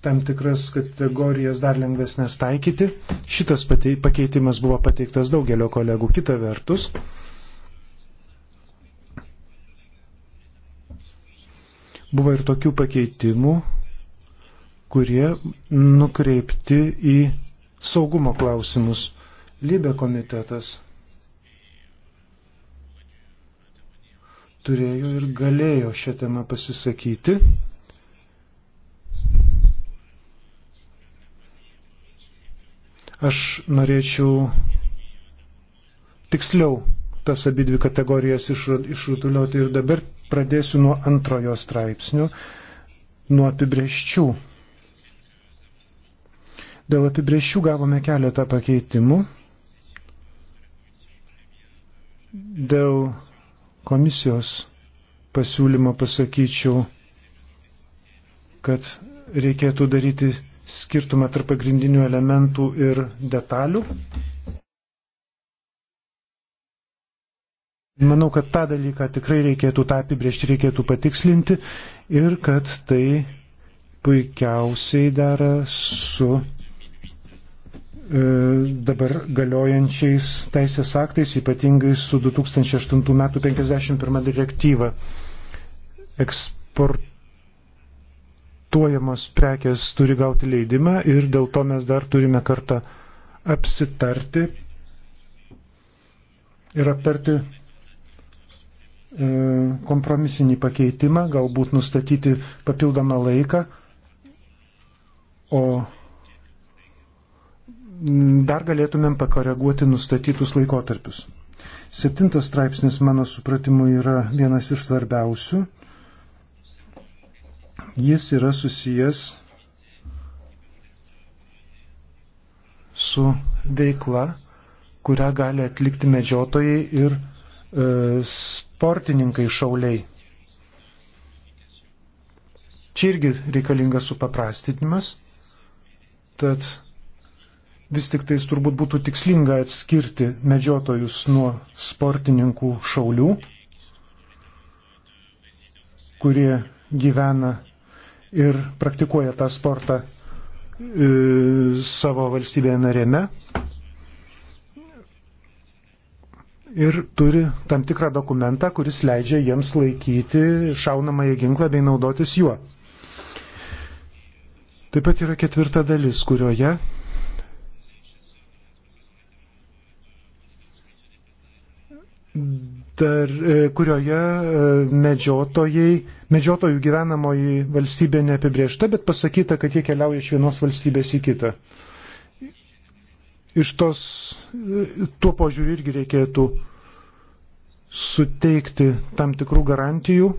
A: tam tikras kategorijas dar lengvesnės taikyti. Šitas pakeitimas buvo pateiktas daugelio kolegų. Kita vertus, buvo ir tokių pakeitimų, kurie nukreipti į saugumo klausimus. Lybė komitetas turėjo ir galėjo šią temą pasisakyti. Aš norėčiau tiksliau tas abidvi kategorijas išrutulioti ir dabar pradėsiu nuo antrojo straipsnio, nuo apibrieščių. Dėl apibrieščių gavome keletą pakeitimų. Dėl komisijos pasiūlymo pasakyčiau, kad reikėtų daryti skirtumą tarp pagrindinių elementų ir detalių. Manau, kad tą dalyką tikrai reikėtų tą apibriežti, reikėtų patikslinti ir kad tai puikiausiai dera su e, dabar galiojančiais teisės aktais, ypatingai su 2008 m. 51 direktyva. Eksport importuojamos prekės turi gauti leidimą ir dėl to mes dar turime kartą apsitarti ir aptarti e, kompromisinį pakeitimą, galbūt nustatyti papildomą laiką, o dar galėtumėm pakoreguoti nustatytus laikotarpius. Septintas straipsnis, mano supratimu, yra vienas iš svarbiausių Jis yra susijęs su veikla, kurią gali atlikti medžiotojai ir e, sportininkai šauliai. Čia irgi reikalingas supaprastinimas, tad vis tik tais turbūt būtų tikslinga atskirti medžiotojus nuo sportininkų šaulių, kurie gyvena ir praktikuoja tą sportą e, savo valstybėje narėme ir turi tam tikrą dokumentą, kuris leidžia jiems laikyti šaunamąjį ginklą bei naudotis juo. Taip pat yra ketvirta dalis, kurioje tar, e, kurioje e, medžiotojai, medžiotojų gyvenamoji valstybė neapibriešta, bet pasakyta, kad jie keliauja iš vienos valstybės į kitą. Iš tos, e, tuo požiūriu irgi reikėtų suteikti tam tikrų garantijų.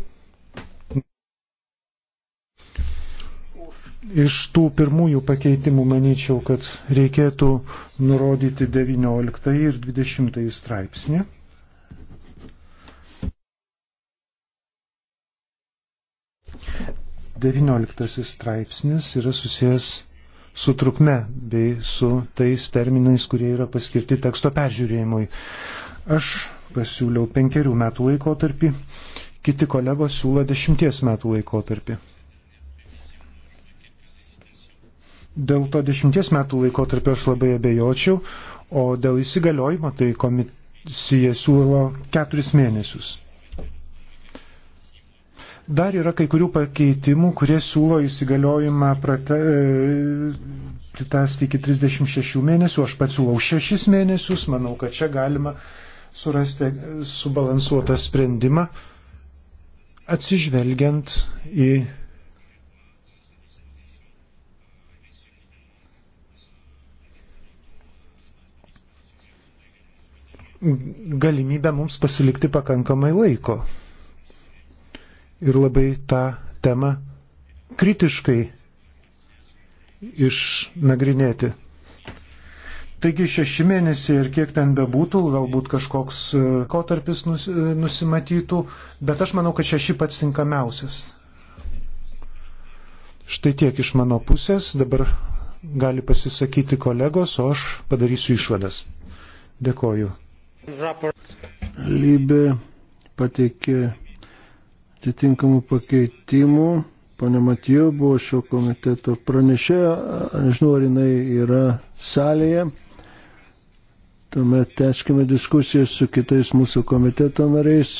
A: Iš tų pirmųjų pakeitimų manyčiau, kad reikėtų nurodyti 19 ir 20 straipsnį. 19 straipsnis yra susijęs su trukme bei su tais terminais, kurie yra paskirti teksto peržiūrėjimui. Aš pasiūliau penkerių metų laikotarpį, kiti kolegos siūlo dešimties metų laikotarpį. Dėl to dešimties metų laikotarpio aš labai abejočiau, o dėl įsigaliojimo tai komisija siūlo keturis mėnesius. Dar yra kai kurių pakeitimų, kurie siūlo įsigaliojimą prate, e, pritasti iki 36 mėnesių, aš pats siūlau 6 mėnesius, manau, kad čia galima surasti subalansuotą sprendimą, atsižvelgiant į galimybę mums pasilikti pakankamai laiko ir labai tą temą kritiškai išnagrinėti. Taigi šeši mėnesiai ir kiek ten bebūtų, galbūt kažkoks e, kotarpis nus, e, nusimatytų, bet aš manau, kad šeši pats tinkamiausias. Štai tiek iš mano pusės, dabar gali pasisakyti kolegos, o aš padarysiu išvadas. Dėkoju. Lybė pateikė
B: atitinkamų pakeitimų. Pane Matijo buvo šio komiteto pranešėja, nežinau, ar jinai yra salėje. Tuomet teskime diskusiją su kitais mūsų komiteto nariais.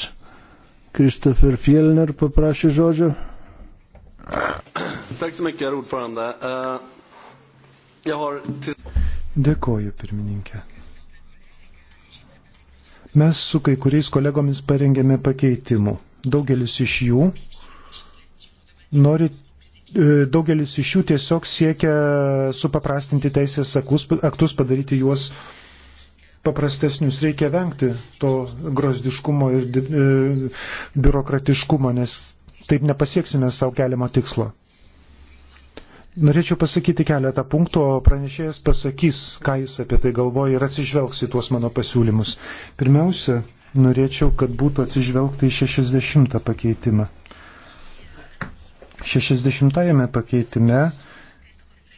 B: Kristofer Fjellner paprašė žodžio. Eh,
A: Dėkoju, pirmininkė. Mes su kai kuriais kolegomis parengėme pakeitimų daugelis iš jų nori e, daugelis iš jų tiesiog siekia supaprastinti teisės akus, aktus, padaryti juos paprastesnius. Reikia vengti to grozdiškumo ir e, biurokratiškumo, nes taip nepasieksime savo keliamo tikslo. Norėčiau pasakyti keletą punktų, o pranešėjas pasakys, ką jis apie tai galvoja ir atsižvelgs į tuos mano pasiūlymus. Pirmiausia, norėčiau, kad būtų atsižvelgta į 60 pakeitimą. 60 pakeitime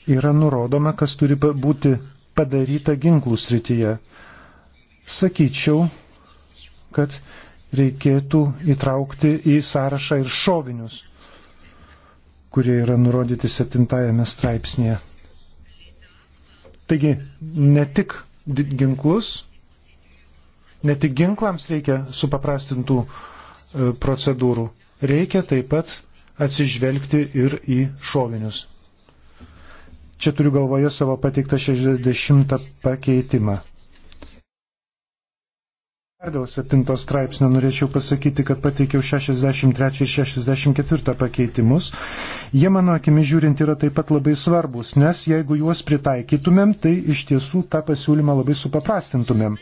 A: yra nurodoma, kas turi būti padaryta ginklų srityje. Sakyčiau, kad reikėtų įtraukti į sąrašą ir šovinius, kurie yra nurodyti 7 straipsnėje. Taigi, ne tik ginklus, Ne tik ginklams reikia supaprastintų e, procedūrų, reikia taip pat atsižvelgti ir į šovinius. Čia turiu galvoje savo pateiktą 60 pakeitimą. Dar dėl 7 straipsnio norėčiau pasakyti, kad pateikiau 63 ir 64 pakeitimus. Jie mano akimi žiūrint yra taip pat labai svarbus, nes jeigu juos pritaikytumėm, tai iš tiesų tą pasiūlymą labai supaprastintumėm.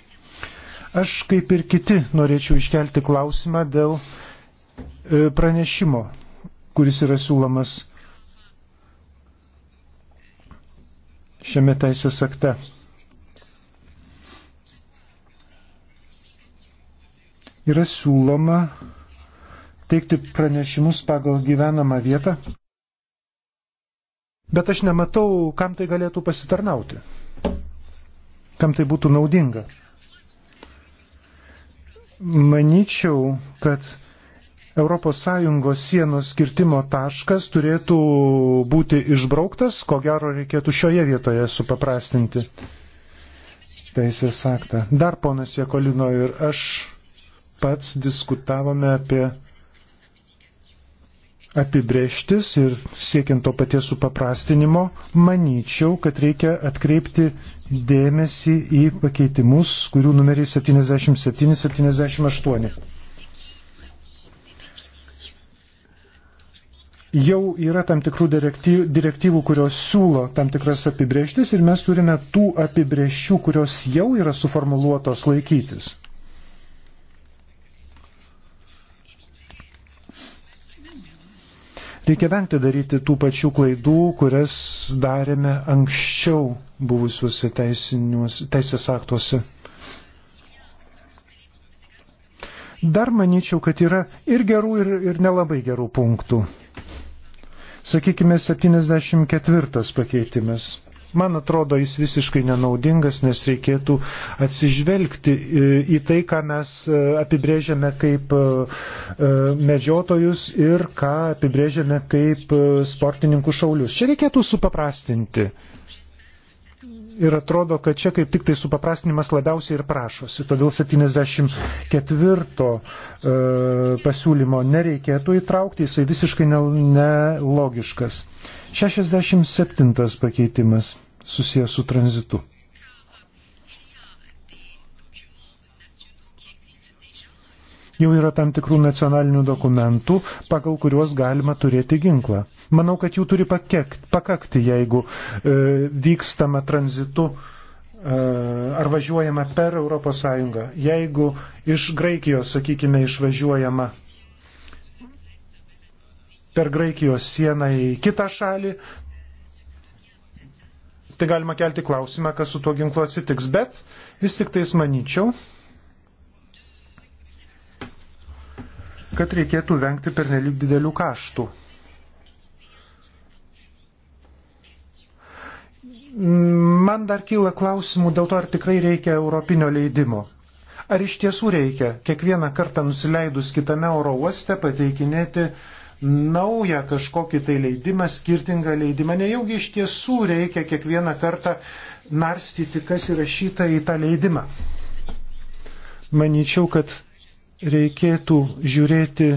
A: Aš kaip ir kiti norėčiau iškelti klausimą dėl e, pranešimo, kuris yra siūlomas šiame teisės akte. Yra siūloma teikti pranešimus pagal gyvenamą vietą, bet aš nematau, kam tai galėtų pasitarnauti, kam tai būtų naudinga. Maničiau, kad ES sienos skirtimo taškas turėtų būti išbrauktas, ko gero reikėtų šioje vietoje supaprastinti teisės aktą. Dar ponas Jekolino ir aš pats diskutavome apie apibrieštis ir siekiant to paties supaprastinimo, manyčiau, kad reikia atkreipti dėmesį į pakeitimus, kurių numeriai 77-78. Jau yra tam tikrų direktyv, direktyvų, kurios siūlo tam tikras apibrieštis ir mes turime tų apibrieščių, kurios jau yra suformuluotos laikytis. Reikia vengti daryti tų pačių klaidų, kurias darėme anksčiau buvusiuose teisės aktuose. Dar manyčiau, kad yra ir gerų, ir, ir nelabai gerų punktų. Sakykime, 74 pakeitimas. Man atrodo, jis visiškai nenaudingas, nes reikėtų atsižvelgti e, į tai, ką mes e, apibrėžiame kaip e, medžiotojus ir ką apibrėžiame kaip sportininkų šaulius. Čia reikėtų supaprastinti. Ir atrodo, kad čia kaip tik tai supaprastinimas labiausiai ir prašosi. Todėl 74 pasiūlymo nereikėtų įtraukti, jisai visiškai nelogiškas. Ne 67 pakeitimas susijęs su tranzitu. Jau yra tam tikrų nacionalinių dokumentų, pagal kuriuos galima turėti ginklą. Manau, kad jų turi pakekt, pakakti, jeigu e, vykstama tranzitu e, ar važiuojama per ES. Jeigu iš Graikijos, sakykime, išvažiuojama per Graikijos sieną į kitą šalį. Tai galima kelti klausimą, kas su tuo ginklu atsitiks, bet vis tik tais manyčiau, kad reikėtų vengti pernelyg didelių kaštų. Man dar kyla klausimų dėl to, ar tikrai reikia europinio leidimo. Ar iš tiesų reikia kiekvieną kartą nusileidus kitame oro uoste pateikinėti uh, naują kažkokį tai leidimą, skirtingą leidimą. Nejaugi iš tiesų reikia kiekvieną kartą narstyti, kas įrašyta į tą leidimą. Maničiau, kad reikėtų žiūrėti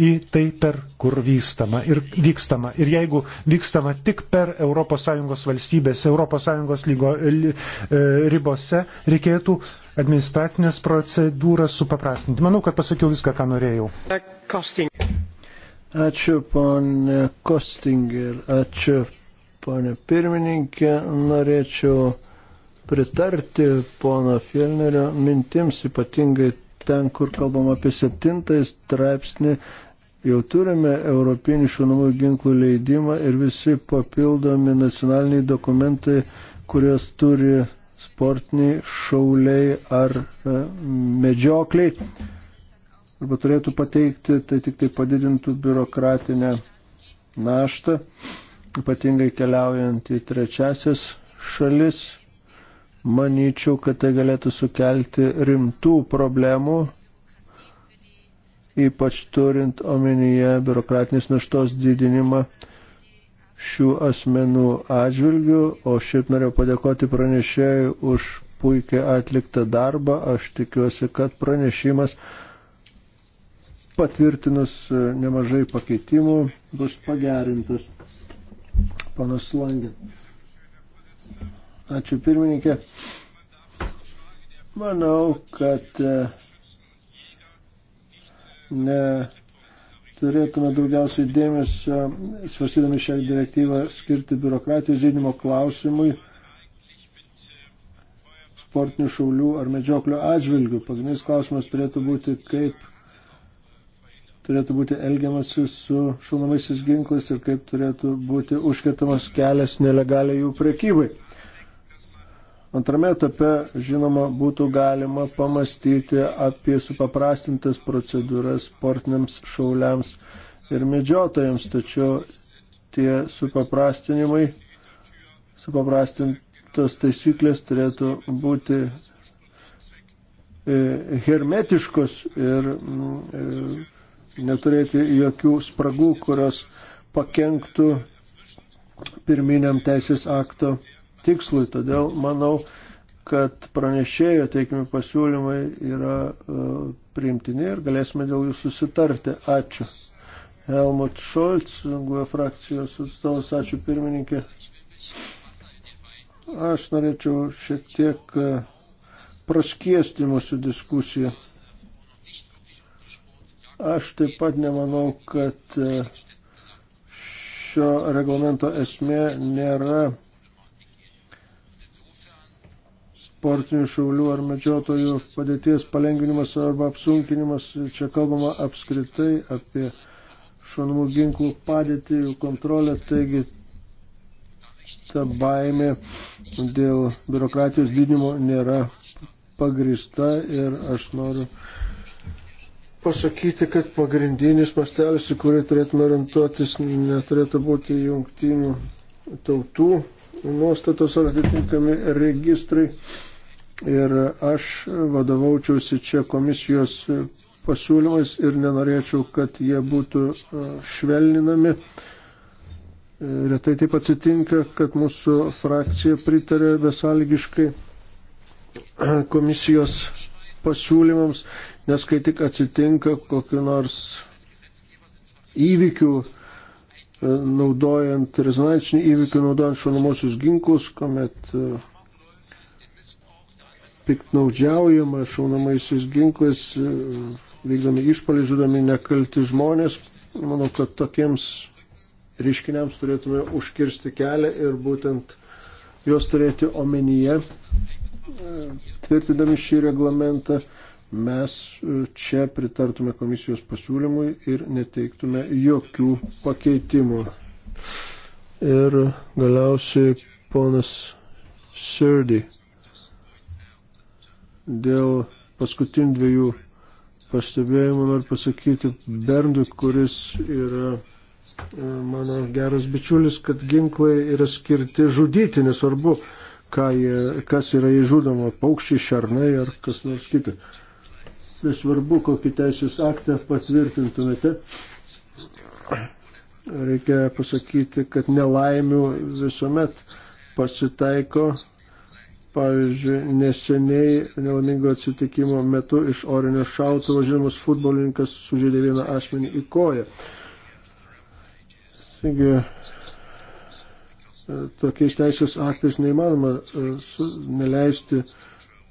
A: į tai, per kur vystama ir vykstama. Ir jeigu vykstama tik per ES valstybės, ES lygo, li, e, ribose, reikėtų administracinės procedūras supaprastinti. Manau, kad pasakiau viską, ką norėjau.
C: Kosting.
B: Ačiū ponė Kostinger, ačiū ponė pirmininkė. Norėčiau pritarti pono Fielnerio mintims, ypatingai ten, kur kalbam apie septintąjį straipsnį, jau turime europinį šunamųjų ginklų leidimą ir visi papildomi nacionaliniai dokumentai, kuriuos turi sportiniai šauliai ar e, medžiokliai arba turėtų pateikti, tai tik tai padidintų biurokratinę naštą, ypatingai keliaujant į trečiasias šalis. Manyčiau, kad tai galėtų sukelti rimtų problemų, ypač turint omenyje biurokratinės naštos didinimą šių asmenų atžvilgių, o šiaip norėjau padėkoti pranešėjai už puikiai atliktą darbą. Aš tikiuosi, kad pranešimas patvirtinus e, nemažai pakeitimų bus pagerintas. Panas Langin. Ačiū pirmininkė. Manau, kad e, ne turėtume daugiausiai dėmesio, svarsydami šią direktyvą, skirti biurokratijos žydimo klausimui sportinių šaulių ar medžioklio atžvilgių. Pagrindinis klausimas turėtų būti, kaip turėtų būti elgiamasi su šaunamaisiais ginklais ir kaip turėtų būti užkirtamas kelias nelegaliai jų priekybai. Antrame etape, žinoma, būtų galima pamastyti apie supaprastintas procedūras sportiniams šauliams ir medžiotojams, tačiau tie supaprastinimai, supaprastintos taisyklės turėtų būti e, hermetiškos ir mm, e, neturėti jokių spragų, kurios pakenktų pirminiam teisės akto tikslui. Todėl manau, kad pranešėjo teikimi pasiūlymai yra uh, priimtini ir galėsime dėl jų susitarti. Ačiū. Helmut Scholz, GUE frakcijos atstovas, ačiū pirmininkė. Aš norėčiau šiek tiek e, praskiesti mūsų diskusiją. Aš taip pat nemanau, kad e, šio reglamento esmė nėra sportinių šaulių ar medžiotojų padėties palengvinimas arba apsunkinimas. Čia kalbama apskritai apie šonamų ginklų padėtį, jų kontrolę, taigi ta baimė dėl biurokratijos didinimo nėra pagrista ir aš noriu pasakyti, kad pagrindinis mastelis, į kurį turėtume orientuotis, neturėtų būti jungtinių tautų nuostatos ar atitinkami registrai. Ir aš vadovaučiausi čia komisijos pasiūlymais ir nenorėčiau, kad jie būtų e, švelninami. Retai taip atsitinka, kad mūsų frakcija pritarė besalgiškai e, komisijos pasiūlymams nes kai tik atsitinka kokiu nors įvykių, e, naudojant rezonansinių įvykių, naudojant šaunamosius ginklus, kuomet e, piktnaudžiaujama šaunamaisiais ginklais, e, vykdomi išpalį, žudomi nekalti žmonės. Manau, kad tokiems reiškiniams turėtume užkirsti kelią ir būtent juos turėti omenyje, tvirtindami šį reglamentą mes e, čia pritartume komisijos pasiūlymui ir neteiktume jokių pakeitimų. Ir galiausiai ponas Sirdy dėl paskutinių dviejų pastebėjimų noriu pasakyti Berndui, kuris yra e, mano geras bičiulis, kad ginklai yra skirti žudyti, nesvarbu, jie, kas yra įžudoma, paukščiai, šarnai ar kas nors kitas nesvarbu, kokį teisės aktą patvirtintumėte. Reikia pasakyti, kad nelaimių visuomet pasitaiko. Pavyzdžiui, neseniai nelaimingo atsitikimo metu iš orinio šautuvo žinomas futbolininkas sužeidė vieną asmenį į koją. Taigi, e, tokiais teisės aktais neįmanoma e, neleisti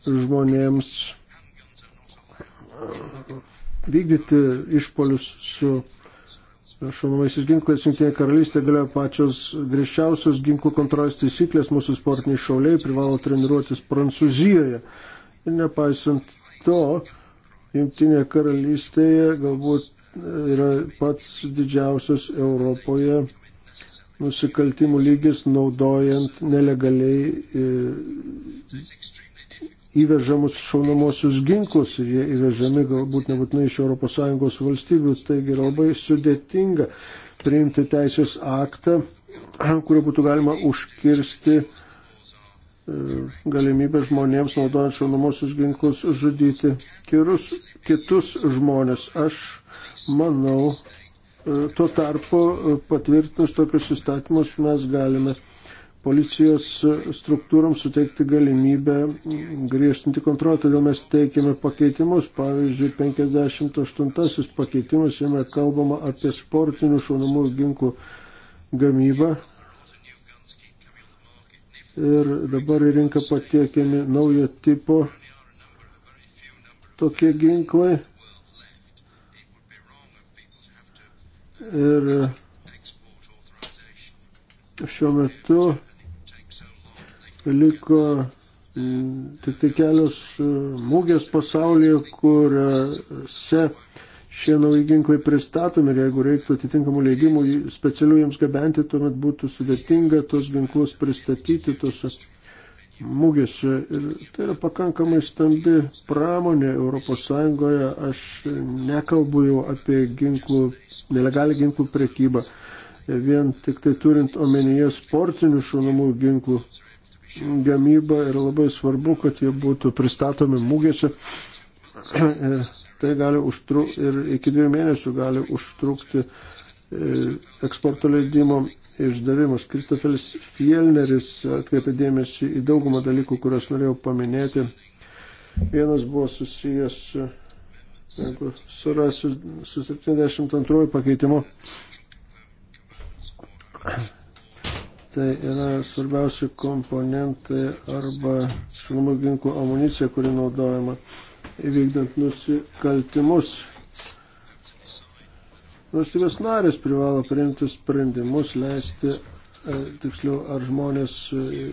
B: žmonėms vykdyti išpolius su šaunamaisiais ginklais Junktinė karalystė galėjo pačios griežčiausios ginklų kontrolės taisyklės, mūsų sportiniai šauliai privalo treniruotis Prancūzijoje. Ir nepaisant to, Junktinė karalystėje galbūt e, yra pats didžiausias Europoje nusikaltimų lygis naudojant nelegaliai e, įvežamus šaunamosius ginklus ir jie įvežami galbūt nebūtinai iš ES valstybių, taigi yra labai sudėtinga priimti teisės aktą, kuriuo būtų galima užkirsti e, galimybę žmonėms naudojant šaunamosius ginklus žudyti kirus, kitus žmonės. Aš manau, e, tuo tarpu e, patvirtinus tokius įstatymus mes galime policijos struktūroms suteikti galimybę griežtinti kontrolę, todėl mes teikiame pakeitimus. Pavyzdžiui, 58 pakeitimas, jame kalbama apie sportinių šaunamų ginklų gamybą. Ir dabar į rinką patiekiami naujo tipo tokie ginklai. Ir šiuo metu liko e, tik tai kelios e, mūgės pasaulyje, kuriuose šie nauji ginklai pristatomi ir jeigu reiktų atitinkamų leidimų specialių jiems gabenti, tuomet būtų sudėtinga tos ginklus pristatyti tose mūgėse. Ir tai yra pakankamai stambi pramonė Europos Sąjungoje. Aš nekalbu jau apie ginklų, nelegalią ginklų prekybą. Vien tik tai turint omenyje sportinių šaunamų ginklų gamyba ir labai svarbu, kad jie būtų pristatomi mūgėse. Ir tai gali užtrukti ir iki dviejų mėnesių gali užtrukti e, eksporto leidimo išdavimus. Kristofelis Fielneris atkreipė dėmesį į daugumą dalykų, kuriuos norėjau paminėti. Vienas buvo susijęs jeigu surasiu su 72 pakeitimu tai yra svarbiausi komponentai arba šilumų ginklų amunicija, kuri naudojama įvykdant nusikaltimus. Valstybės narės privalo priimti sprendimus, leisti, e, tiksliau, ar žmonės e,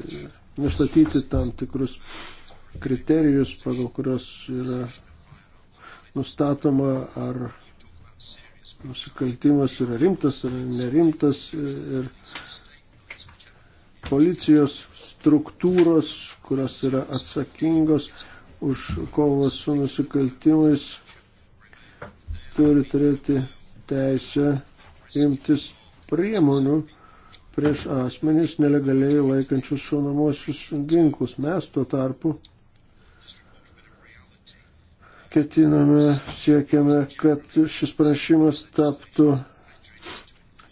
B: nustatyti tam tikrus kriterijus, pagal kurios yra nustatoma, ar nusikaltimas yra rimtas ar nerimtas e, ir policijos struktūros, kurios yra atsakingos už kovą su nusikaltimais, turi turėti teisę imtis priemonių prieš asmenys nelegaliai laikančius šaunamosius ginklus. Mes tuo tarpu ketiname, siekiame, kad šis prašymas taptų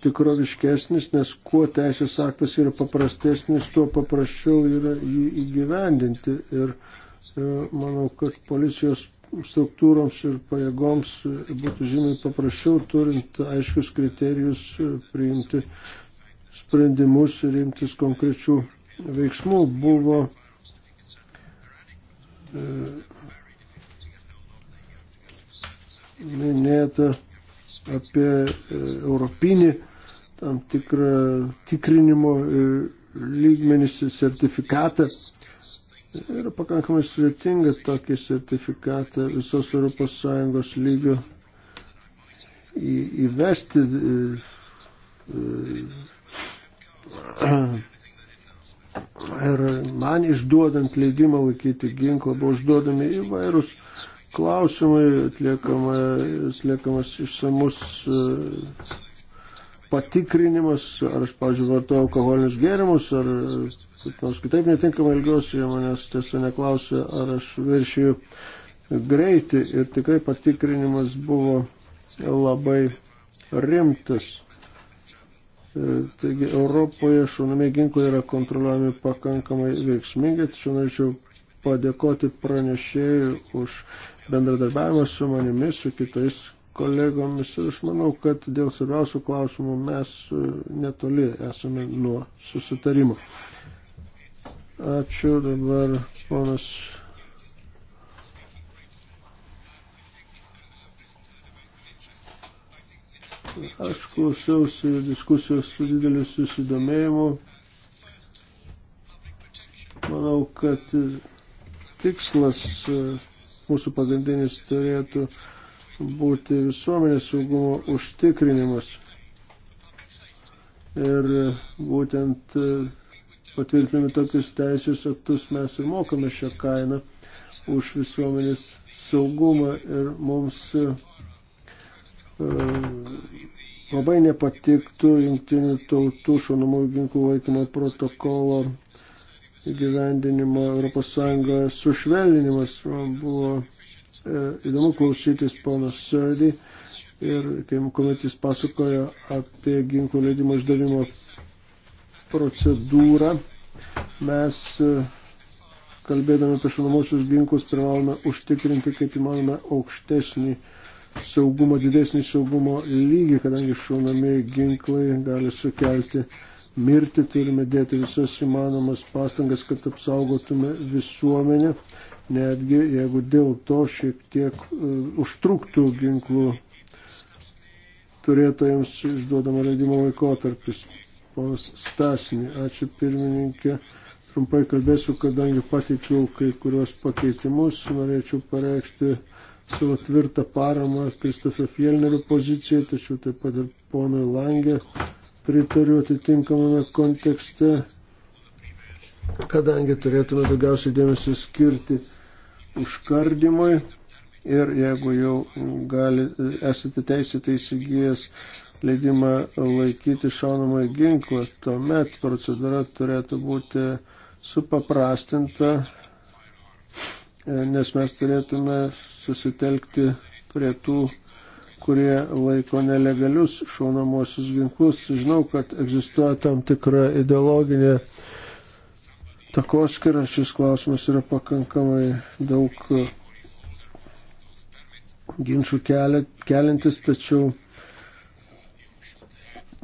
B: tikroviškesnis, nes kuo teisės aktas yra paprastesnis, tuo paprasčiau yra jį įgyvendinti. Ir e, manau, kad policijos struktūroms ir pajėgoms e, būtų žymiai paprasčiau turint aiškius kriterijus e, priimti sprendimus ir imtis konkrečių veiksmų. Buvo minėta apie europinį tam tikrą tikrinimo e, lygmenis sertifikatą. Yra pakankamai sudėtinga tokį sertifikatą visos ES lygio į, įvesti. E, e, ir man išduodant leidimą laikyti ginklą buvo užduodami įvairūs klausimai, atliekama, atliekamas išsamus patikrinimas, ar aš, pavyzdžiui, vartoju alkoholinius gėrimus, ar kaip nors kitaip netinkamai elgiuosi, jie manęs tiesa neklausė, ar aš viršiju greitį ir tikrai patikrinimas buvo labai rimtas. E, taigi Europoje šaunami ginklai yra kontroliuojami pakankamai veiksmingai, tačiau norėčiau padėkoti pranešėjui už bendradarbiavimą su manimi, su kitais kolegomis. Aš manau, kad dėl svarbiausių klausimų mes e, netoli esame nuo susitarimo. Ačiū dabar ponas. Aš klausiausi diskusijos su dideliu susidomėjimu. Manau, kad tikslas e, mūsų pagrindinis turėtų uh, būti visuomenės saugumo užtikrinimas. Ir būtent e, patvirtinami tokius teisės aktus mes ir mokame šią kainą už visuomenės saugumą ir mums e, e, labai nepatiktų jungtinių tautų šaunamųjų ginklų laikymo protokolo įgyvendinimo ES sušvelninimas buvo E, įdomu klausytis ponas Sardy ir kai, kuomet jis pasakojo apie ginklų leidimo išdavimo procedūrą, mes e, kalbėdami apie šaunamosius ginklus privalome užtikrinti kaip įmanome aukštesnį saugumo, didesnį saugumo lygį, kadangi šaunami ginklai gali sukelti mirtį, turime dėti visas įmanomas pastangas, kad apsaugotume visuomenę netgi jeigu dėl to šiek tiek e, užtruktų ginklų turėtojams išduodama leidimo laikotarpis. Ponas Stasinį, ačiū pirmininkė. Trumpai kalbėsiu, kadangi pateikiau kai kurios pakeitimus, norėčiau pareikšti savo tvirtą paramą Kristofio Fielnerio pozicijai, tačiau taip pat ir ponui Langė pritariu atitinkamame kontekste kadangi turėtume daugiausiai dėmesio skirti užkardimui ir jeigu jau gali, esate teisėtai įsigijęs leidimą laikyti šaunamąjį ginklą, tuomet procedūra turėtų būti supaprastinta, nes mes turėtume susitelkti prie tų, kurie laiko nelegalius šaunamosius ginklus. Žinau, kad egzistuoja tam tikra ideologinė takoskirą. Šis klausimas yra pakankamai daug uh, ginčių kelia, kelintis, tačiau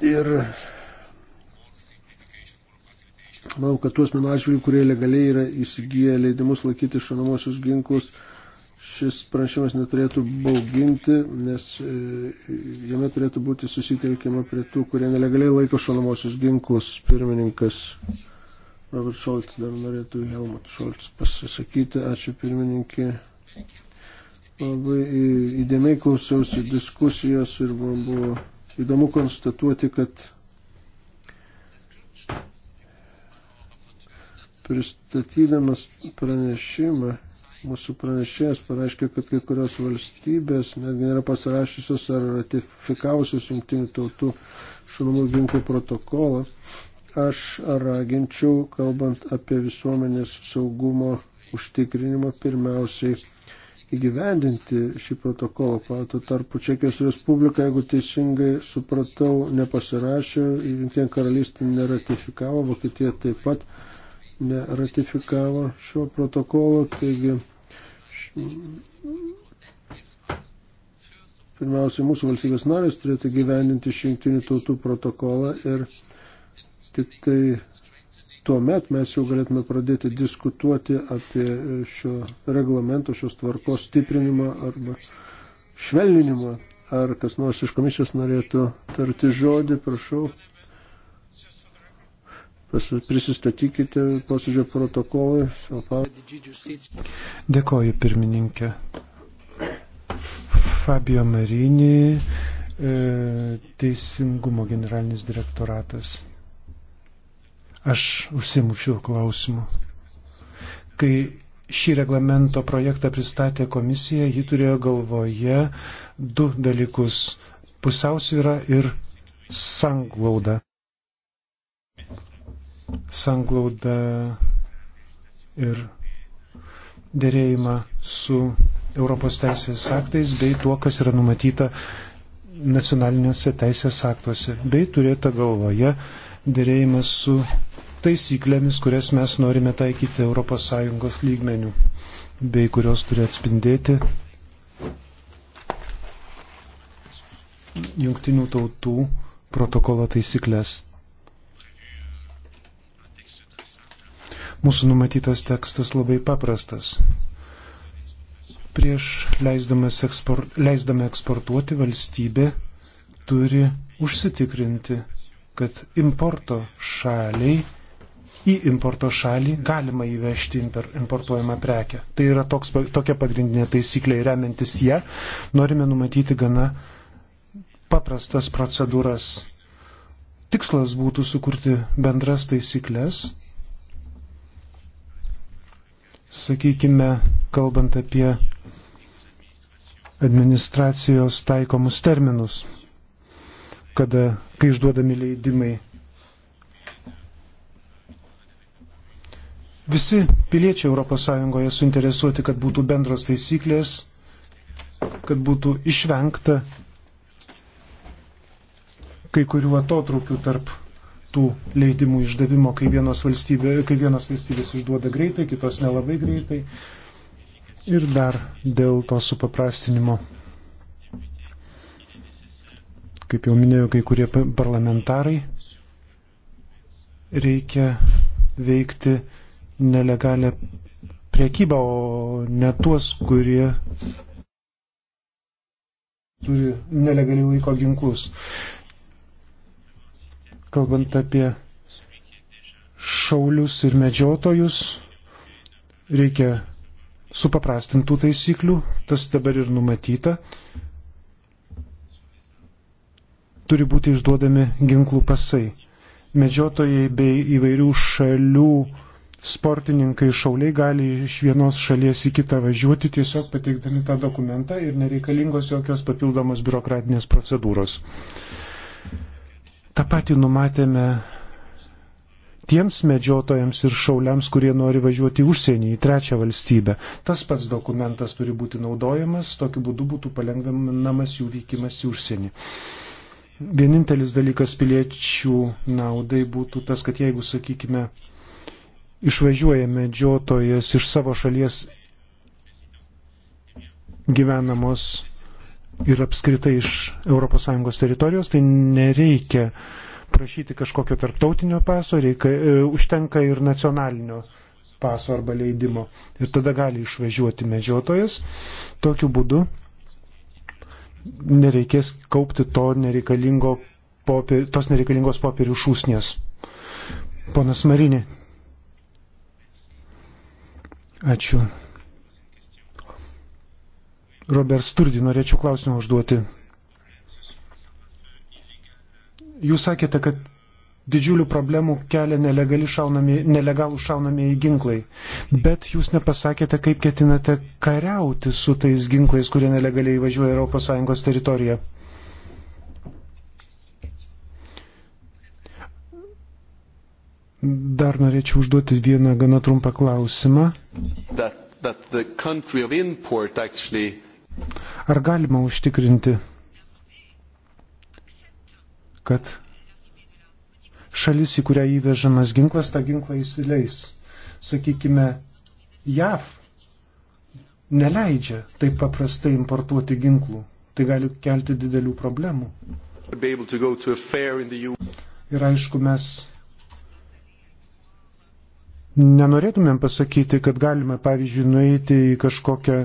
B: ir manau, kad tuos menų atžvilgių, kurie legaliai yra įsigiję leidimus laikyti šanamosius ginklus, šis pranešimas neturėtų bauginti, nes uh, jame turėtų būti susitelkima prie tų, kurie nelegaliai laiko šaunamosius ginklus. Pirmininkas Robert Šolts dar norėtų Helmut Šolts pasisakyti. Ačiū pirmininkė. Labai įdėmiai klausiausi diskusijos ir man buvo įdomu konstatuoti, kad pristatydamas pranešimą, mūsų pranešėjas pareiškė, kad kai kurios valstybės netgi nėra pasirašysios ar ratifikavusios jungtinių tautų šunamų ginklų protokolą. Aš raginčiau, kalbant apie visuomenės saugumo užtikrinimą, pirmiausiai įgyvendinti šį protokolą. Tuo tarpu Čekijos Respublika, jeigu teisingai supratau, nepasirašė, Junktinė karalystė neratifikavo, Vokietija taip pat neratifikavo šio protokolo. Taigi, pirmiausia, mūsų valstybės narės turėtų gyveninti šimtinių tautų protokolą ir Tik tai tuo met mes jau galėtume pradėti diskutuoti apie šio reglamento, šios tvarkos stiprinimą arba švelninimą. Ar kas nors iš komisijos norėtų tarti žodį, prašau. Prisistatykite posėdžio protokolui.
A: Dėkoju, pirmininkė. Fabio Marini, e, Teisingumo generalinis direktoratas aš užsimušiu klausimu. Kai šį reglamento projektą pristatė komisija, ji turėjo galvoje du dalykus - pusiausvyrą ir sanglaudą. Sanglaudą ir dėrėjimą su Europos teisės aktais bei tuo, kas yra numatyta nacionaliniuose teisės aktuose, bei turėta galvoje dėrėjimas su taisyklėmis, kurias mes norime taikyti ES lygmenių, bei kurios turi atspindėti jungtinių tautų protokolo taisyklės. Mūsų numatytas tekstas labai paprastas. Prieš ekspor, leisdama eksportuoti valstybė turi užsitikrinti, kad importo šaliai į importo šalį galima įvežti importuojamą prekę. Tai yra toks, tokia pagrindinė taisyklė ir remiantis ją norime numatyti gana paprastas procedūras. Tikslas būtų sukurti bendras taisyklės, sakykime, kalbant apie administracijos taikomus terminus, kada, kai išduodami leidimai Visi piliečiai ES suinteresuoti, kad būtų bendros taisyklės, kad būtų išvengta kai kurių atotrukių tarp tų leidimų išdavimo, kai vienos, valstybė, kai vienos valstybės išduoda greitai, kitos nelabai greitai. Ir dar dėl to supaprastinimo. Kaip jau minėjau, kai kurie parlamentarai reikia veikti nelegalią priekybą, o ne tuos, kurie turi nelegaliai laiko ginklus. Kalbant apie šaulius ir medžiotojus, reikia supaprastintų taisyklių, tas dabar ir numatyta. Turi būti išduodami ginklų pasai. Medžiotojai bei įvairių šalių sportininkai šauliai gali iš vienos šalies į kitą važiuoti tiesiog pateikdami tą dokumentą ir nereikalingos jokios papildomos biurokratinės procedūros. Ta pati numatėme tiems medžiotojams ir šauliams, kurie nori važiuoti užsienį į trečią valstybę. Tas pats dokumentas turi būti naudojamas, tokiu būdu būtų palengvinamas jų vykimas į užsienį. Vienintelis dalykas piliečių naudai būtų tas, kad jeigu, sakykime, išvažiuoja medžiotojas iš savo šalies gyvenamos ir apskritai iš ES teritorijos, tai nereikia prašyti kažkokio tarptautinio paso, reikia, e, užtenka ir nacionalinio paso arba leidimo. Ir tada gali išvažiuoti medžiotojas. Tokiu būdu nereikės kaupti to nereikalingo popier, tos nereikalingos popierių šūsnės. Ponas Marinė. Ačiū. Robert Sturdi, norėčiau klausimą užduoti. Jūs sakėte, kad didžiulių problemų kelia šaunami, nelegalų šaunamieji ginklai. Bet jūs nepasakėte, kaip ketinate kariauti su tais ginklais, kurie nelegaliai įvažiuoja ES teritoriją. Dar norėčiau užduoti vieną gana trumpą klausimą.
B: That, that actually...
A: Ar galima užtikrinti, kad šalis, į kurią įvežamas ginklas, tą ginklą įsileis? Sakykime, JAV neleidžia taip paprastai importuoti ginklų. Tai gali kelti didelių problemų. Ir aišku, mes nenorėtumėm pasakyti, kad galime, pavyzdžiui, nueiti į kažkokią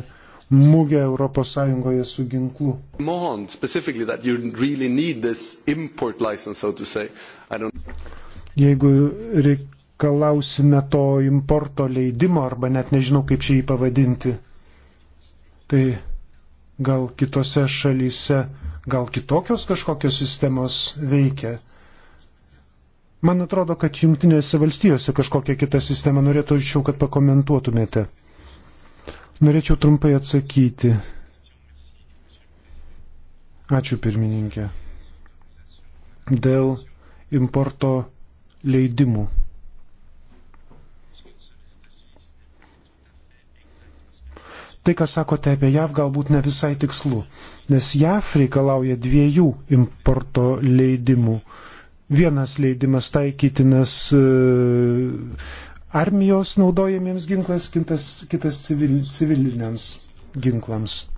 A: mūgę Europos Sąjungoje su ginklu.
B: Mohan, really
C: license, so
A: Jeigu reikalausime to importo leidimo, arba net nežinau, kaip šį jį pavadinti, tai gal kitose šalyse, gal kitokios kažkokios sistemos veikia Man atrodo, kad jungtinėse valstijose kažkokią kitą sistemą norėtų iščiau, kad pakomentuotumėte. Norėčiau trumpai atsakyti. Ačiū pirmininkė. Dėl importo leidimų. Tai, ką sakote apie JAV, galbūt ne visai tikslu, nes JAV reikalauja dviejų importo leidimų. Uh, vienas leidimas taikytinas e, armijos naudojamiems ginklas, kitas, kitas civil, civiliniams ginklams.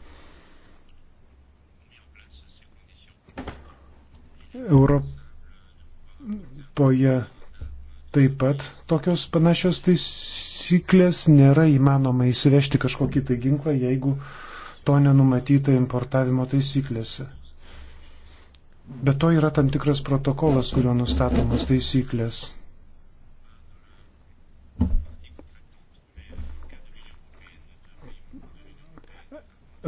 A: Europoje taip pat tokios panašios taisyklės nėra įmanoma įsivežti kažkokį tai ginklą, jeigu to nenumatyta importavimo taisyklėse. Be to yra tam tikras protokolas, kurio nustatomos taisyklės.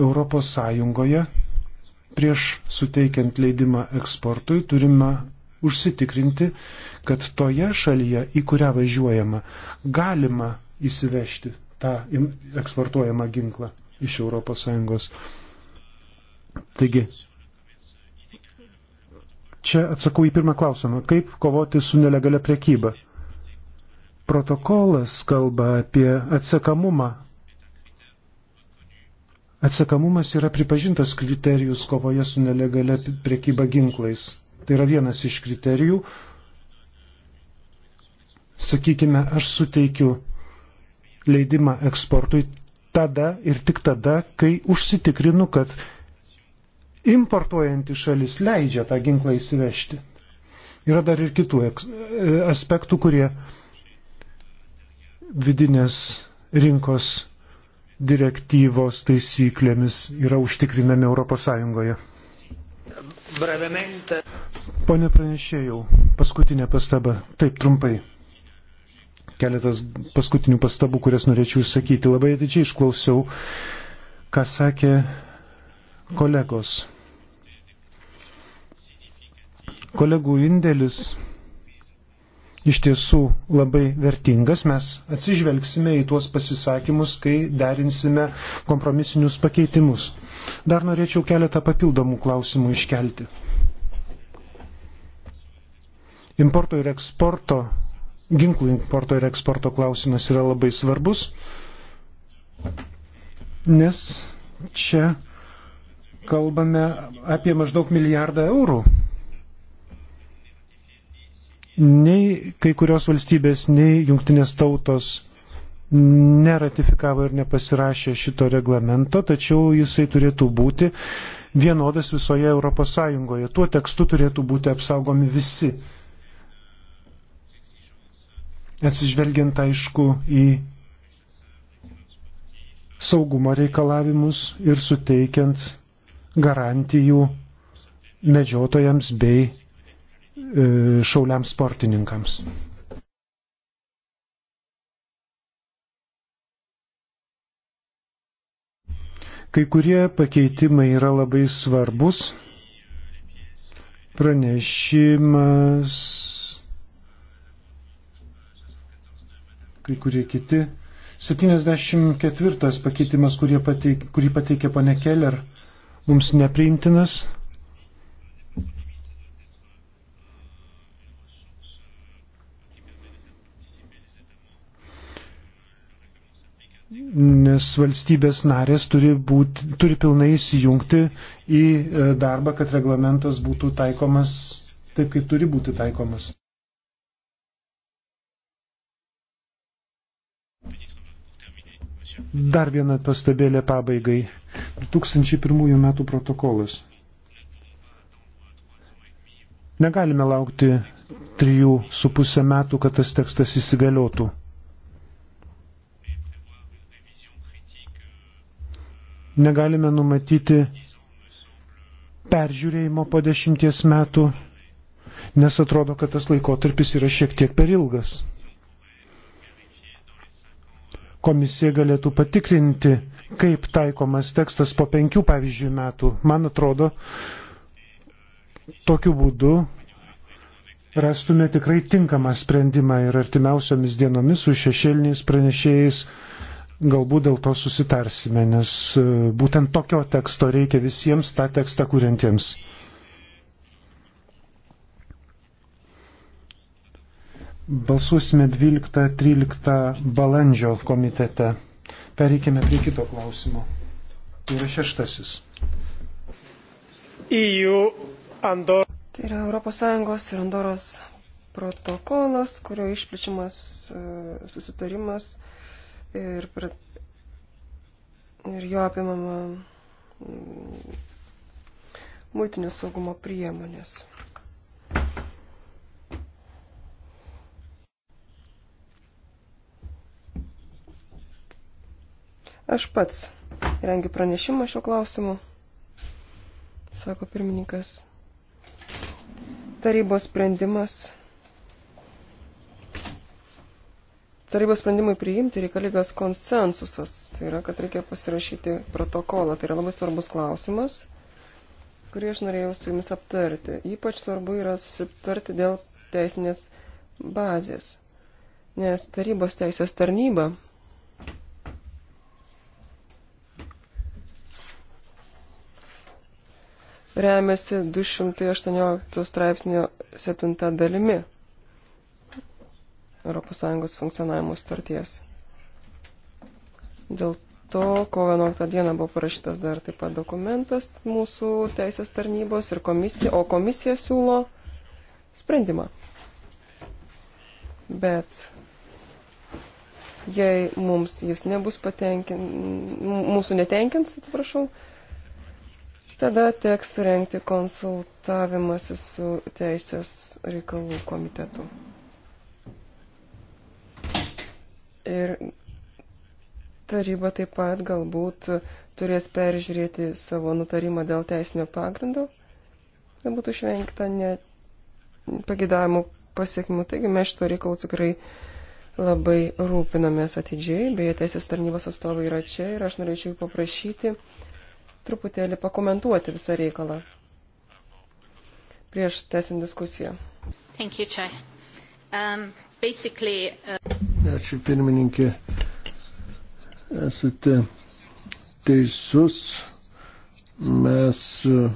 A: Europos Sąjungoje prieš suteikiant leidimą eksportui turime užsitikrinti, kad toje šalyje, į kurią važiuojama, galima įsivežti tą eksportuojamą ginklą iš ES. Taigi, Čia atsakau į pirmą klausimą. Kaip kovoti su nelegalia priekyba? Protokolas kalba apie atsekamumą. Atsekamumas yra pripažintas kriterijus kovoje su nelegalia priekyba ginklais. Tai yra vienas iš kriterijų. Sakykime, aš suteikiu leidimą eksportui tada ir tik tada, kai užsitikrinu, kad importuojanti šalis leidžia tą ginklą įsivežti. Yra dar ir kitų aspektų, kurie vidinės rinkos direktyvos taisyklėmis yra užtikrinami ES. Brevemente. Pone pranešėjau, paskutinė pastaba. Taip, trumpai. Keletas paskutinių pastabų, kurias norėčiau išsakyti. Labai atidžiai išklausiau, ką sakė Kolegos, kolegų indėlis iš tiesų labai vertingas. Mes atsižvelgsime į tuos pasisakymus, kai derinsime kompromisinius pakeitimus. Dar norėčiau keletą papildomų klausimų iškelti. Importo ir eksporto, ginklų importo ir eksporto klausimas yra labai svarbus, nes čia kalbame apie maždaug milijardą eurų. Nei kai kurios valstybės, nei jungtinės tautos neratifikavo ir nepasirašė šito reglamento, tačiau jisai turėtų būti vienodas visoje Europos Sąjungoje. Tuo tekstu turėtų būti apsaugomi visi. Atsižvelgiant aišku į saugumo reikalavimus ir suteikiant garantijų medžiotojams bei e, šauliams sportininkams. Kai kurie pakeitimai yra labai svarbus. Pranešimas. Kai kurie kiti. 74 pakeitimas, pateik, kurį pateikė pane Keller mums nepriimtinas. Nes valstybės narės turi, būt, turi pilnai įsijungti į e, darbą, kad reglamentas būtų taikomas taip, kaip turi būti taikomas. Dar viena pastabėlė pabaigai. 2001 metų protokolas. Negalime laukti trijų su pusę metų, kad tas tekstas įsigaliotų. Negalime numatyti peržiūrėjimo po dešimties metų, nes atrodo, kad tas laikotarpis yra šiek tiek per ilgas komisija galėtų patikrinti, kaip taikomas tekstas po penkių, pavyzdžiui, metų. Man atrodo, tokiu būdu rastume tikrai tinkamą sprendimą ir artimiausiomis dienomis su šešėliniais pranešėjais galbūt dėl to susitarsime, nes e, būtent tokio teksto reikia visiems tą tekstą kuriantiems. Balsuosime 12-13 balandžio komitete. Pereikime prie kito klausimo. Tai yra šeštasis.
C: EU Andor. Tai yra ES ir Andoros protokolas, kurio išplečiamas e, susitarimas ir, ir jo apimama mm, muitinės saugumo priemonės. Aš pats rengiu pranešimą šio klausimu, sako pirmininkas. Tarybos sprendimas. Tarybos sprendimui priimti reikalingas konsensusas. Tai yra, kad reikia pasirašyti protokolą. Tai yra labai svarbus klausimas, kurį aš norėjau su jumis aptarti. Ypač svarbu yra susitarti dėl teisinės bazės. Nes tarybos teisės tarnyba remiasi 218 straipsnio 7 dalimi ES funkcionavimo starties. Dėl to kovo 11 dieną buvo parašytas dar taip pat dokumentas mūsų teisės tarnybos, ir komisija, o komisija siūlo sprendimą. Bet jei mums jis nebus patenkins, mūsų netenkins, atsiprašau, Tada teks surenkti konsultavimąsi su Teisės reikalų komitetu. Ir taryba taip pat galbūt turės peržiūrėti savo nutarimą dėl teisinio pagrindo. Tai būtų išvengta nepagidavimų pasiekmių. Taigi mes šito reikalu tikrai labai rūpinamės atidžiai, beje, teisės tarnybos atstovai yra čia ir aš norėčiau paprašyti truputėlį pakomentuoti visą reikalą prieš tęsiant diskusiją.
A: Thank you, Chai. Um, basically, uh...
B: Ačiū pirmininkė. Esate teisus. Mes uh,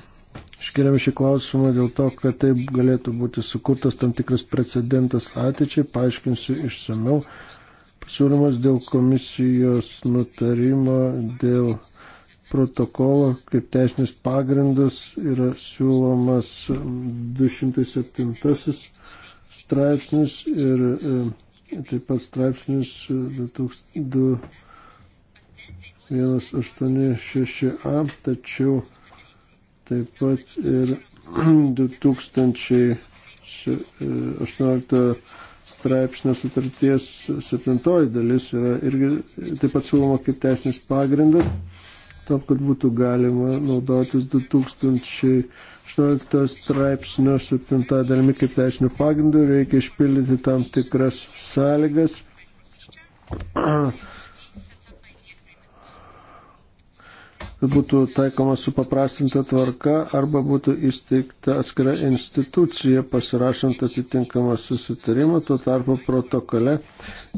B: iškeliame šį klausimą dėl to, kad taip galėtų būti sukurtas tam tikras precedentas ateičiai. Paaiškinsiu išsameu. Pasiūlymas dėl komisijos nutarimo dėl uh, protokolo kaip teisinis pagrindas yra siūlomas 207 straipsnis ir e, taip pat straipsnis 2186a, e, tačiau taip pat ir 2018 e, straipsnio sutarties septintoji dalis yra irgi taip pat siūloma kaip teisinis pagrindas tam, kad būtų galima naudotis 2018 straipsnio 7 dalimi kaip teisinių pagrindų, reikia išpildyti tam tikras sąlygas. būtų taikoma supaprastinta tvarka arba būtų įsteigta atskira institucija pasirašant atitinkamą susitarimą, tuo tarpu protokole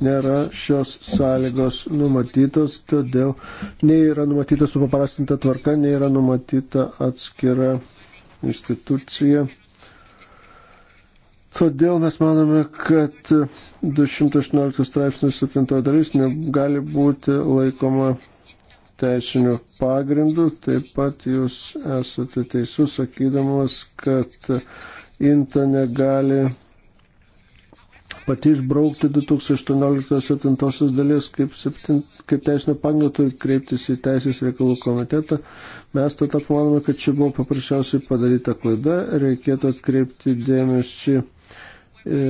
B: nėra šios sąlygos numatytos, todėl nei yra numatyta supaprastinta tvarka, nei yra numatyta atskira institucija. Todėl mes manome, kad 218 straipsnių 7 dalis negali būti laikoma teisiniu pagrindu. Taip pat jūs esate teisus, sakydamas, kad INTA negali pati išbraukti 2018-2007 dalies kaip, septin, kaip teisinio pagrindo turi kreiptis į Teisės reikalų komitetą. Mes tada manome, kad čia buvo paprasčiausiai padaryta klaida, reikėtų atkreipti dėmesį e,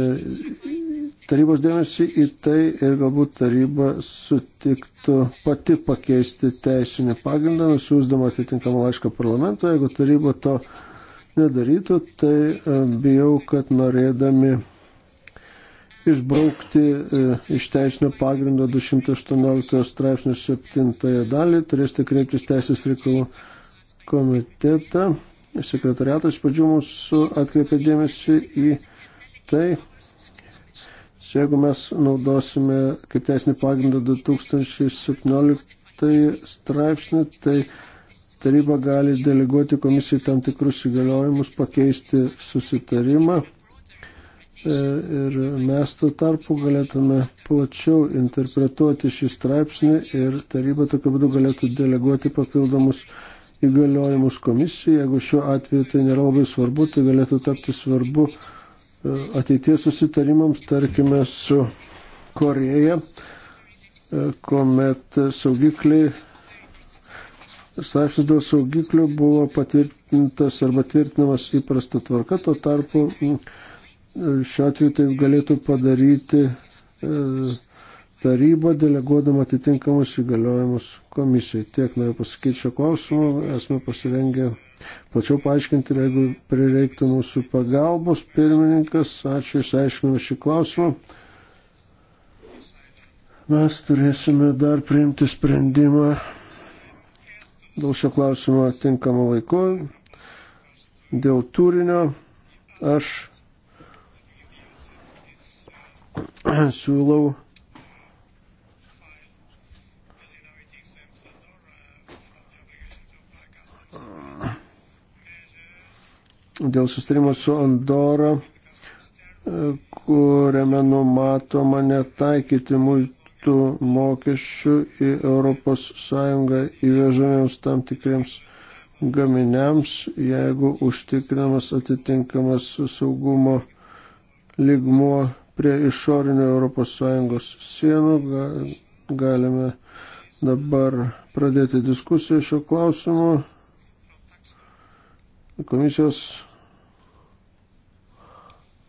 B: tarybos dėmesį į tai ir galbūt taryba sutiktų pati pakeisti teisinį pagrindą, nusiūsdama atitinkamą laišką parlamento. Jeigu taryba to nedarytų, tai e, bijau, kad norėdami išbraukti e, iš teisinio pagrindo 218 straipsnio 7 dalį turėsite kreiptis teisės reikalų komitetą. Sekretariatas pradžių mūsų atkreipė dėmesį į tai, Jeigu mes naudosime kaip teisinį pagrindą 2017 straipsnį, tai taryba gali deleguoti komisijai tam tikrus įgaliojimus, pakeisti susitarimą. E, ir mes tuo tarpu galėtume plačiau interpretuoti šį straipsnį ir taryba tokiu būdu galėtų deleguoti papildomus įgaliojimus komisijai. Jeigu šiuo atveju tai nėra labai svarbu, tai galėtų tapti svarbu uh, ateities susitarimams, tarkime, su Koreja, e, kuomet saugikliai, straipsnis dėl saugiklių buvo patvirtintas arba tvirtinamas įprasta tvarka, tuo tarpu šiuo atveju tai galėtų padaryti e, taryba deleguodama atitinkamus įgaliojimus komisijai. Tiek noriu pasakyti šio klausimu, esame pasirengę plačiau paaiškinti ir jeigu prireiktų mūsų pagalbos. Pirmininkas, ačiū, išsiaiškinome šį klausimą. Mes turėsime dar priimti sprendimą dėl šio klausimo tinkamą laiku. Dėl turinio aš siūlau dėl sustarimo su Andora, e, kuriame numatoma netaikyti multų mokesčių į ES įvežamiems tam tikriems gaminiams, jeigu užtikrinamas atitinkamas saugumo lygmuo prie išorinio ES sienų. Galime dabar pradėti diskusiją šiuo klausimu. Komisijos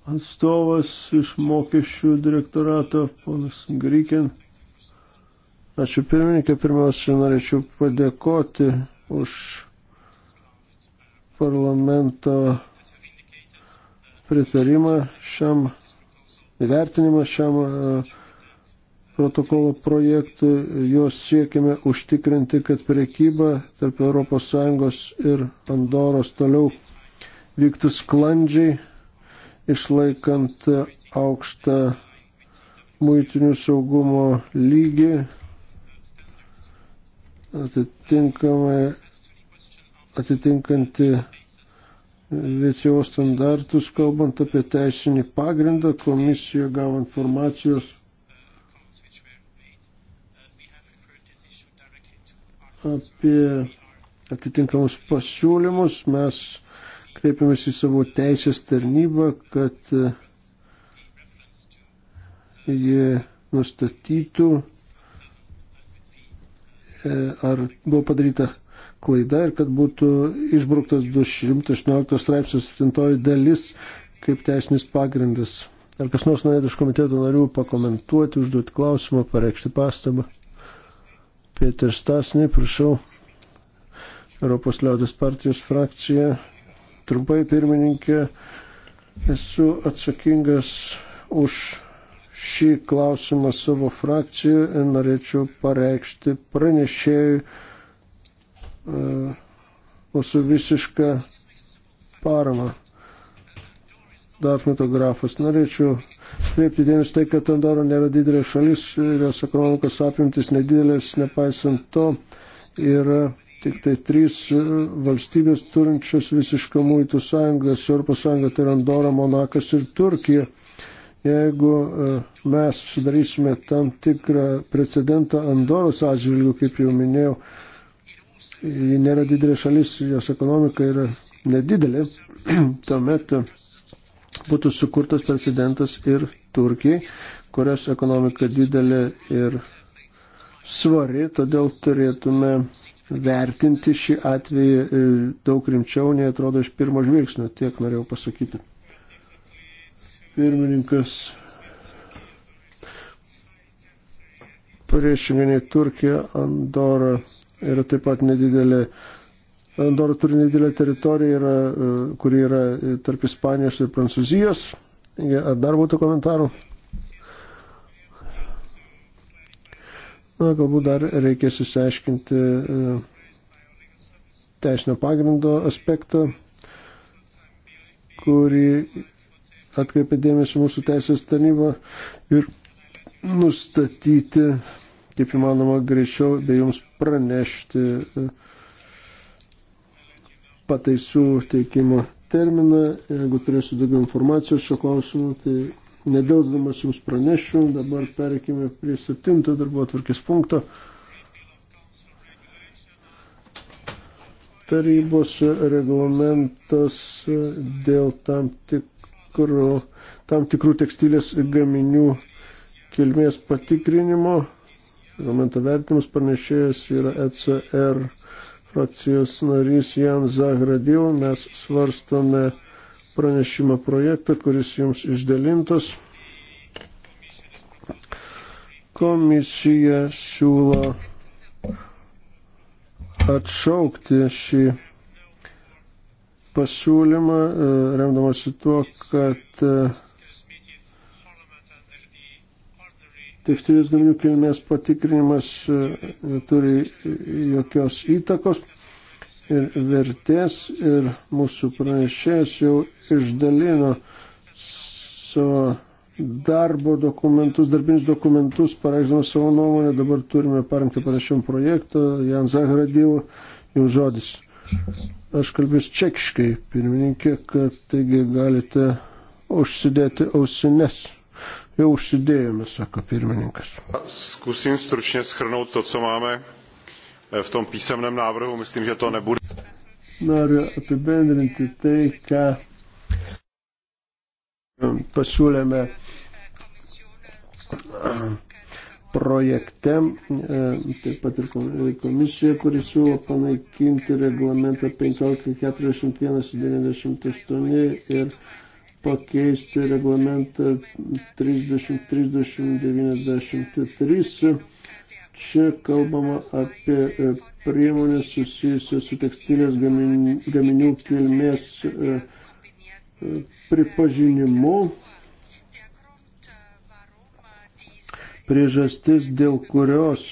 B: atstovas iš mokesčių direktorato, ponas Grykin. Ačiū pirmininkė, pirmiausia, norėčiau padėkoti už parlamento pritarimą šiam įvertinimą šiam e, protokolo projektui. Jos siekime užtikrinti, kad priekyba tarp ES ir Andoros toliau vyktų sklandžiai išlaikant aukštą muitinių saugumo lygį, atitinkamai atitinkanti VCO standartus, kalbant apie teisinį pagrindą, komisija gavo informacijos apie atitinkamus pasiūlymus. Mes kreipiamės į savo teisės tarnybą, kad e, jie nustatytų, e, ar buvo padaryta klaida ir kad būtų išbruktas 218 straipsnis 7 dalis kaip teisinis pagrindas. Ar kas nors norėtų iš komiteto narių pakomentuoti, užduoti klausimą, pareikšti pastabą? Pieter Stasny, prašau. Europos liaudės partijos frakcija Trumpai, pirmininkė, esu atsakingas už šį klausimą savo frakcijų ir norėčiau pareikšti pranešėjui e, mūsų visišką paramą. Dar fotografas. Norėčiau kreipti dėmesį tai, kad Andorra nėra didelė šalis ir jos ekonomikos apimtis nedidelės, nepaisant to yra tik tai trys e, valstybės turinčios visišką muitų sąjungą, Europos sąjunga, tai yra Andora, Monakas ir Turkija. Jeigu e, mes sudarysime tam tikrą precedentą Andoros atžvilgių, kaip jau minėjau, ji nėra didelė šalis, jos ekonomika yra nedidelė, tuomet e, būtų sukurtas precedentas ir Turkijai, kurios ekonomika didelė ir svari, todėl turėtume vertinti šį atvejį e, daug rimčiau, nei atrodo iš pirmo žvilgsnio, tiek norėjau pasakyti. Pirmininkas priešingai Turkija, Andora yra taip pat nedidelė. Andora turi nedidelę teritoriją, yra, e, kuri yra e, tarp Ispanijos ir Prancūzijos. Ar dar būtų komentarų? Na, galbūt dar reikės įsiaiškinti e, teisinio pagrindo aspektą, kurį atkreipė dėmesį mūsų teisės taryba ir nustatyti, kaip įmanoma, greičiau bei jums pranešti e, pataisų teikimo terminą. Jeigu turėsiu daugiau informacijos šio klausimu, tai nedelsdamas jums pranešiu. Dabar perėkime prie septinto darbo atvarkės punkto. Tarybos reglamentas dėl tam tikrų, tam tikrų tekstilės gaminių kilmės patikrinimo. Reglamento vertinimas pranešėjas yra ECR frakcijos narys Jan Zagradil. Mes svarstome pranešimo projektą, kuris jums išdalintas. Komisija siūlo atšaukti šį pasiūlymą, e, remdamasi tuo, kad e, tekstilės gaminių kilmės patikrinimas neturi jokios įtakos ir vertės ir mūsų pranešėjas jau išdalino savo darbo dokumentus, darbinius dokumentus, pareikšdama savo nuomonę, dabar turime parengti panašiam projektą, Jan Zagradil, jau žodis. Aš kalbėsiu čekiškai, pirmininkė, kad taigi galite užsidėti ausines. Jau užsidėjome, sako pirmininkas.
A: Skusim stručnės hrnaut to, co máme. Eh, v tom písemném návrhu. Myslím, že to nebude.
B: Noriu apibendrinti tai, ką eh, pasiūlėme eh, projekte, taip pat ir komisija, kuris siūlo panaikinti reglamentą 1541-98 ir pakeisti reglamentą 30-30-93 Čia kalbama apie e, priemonės susijusios su tekstilės gaminių, gaminių kilmės e, e, pripažinimu. Priežastis, dėl kurios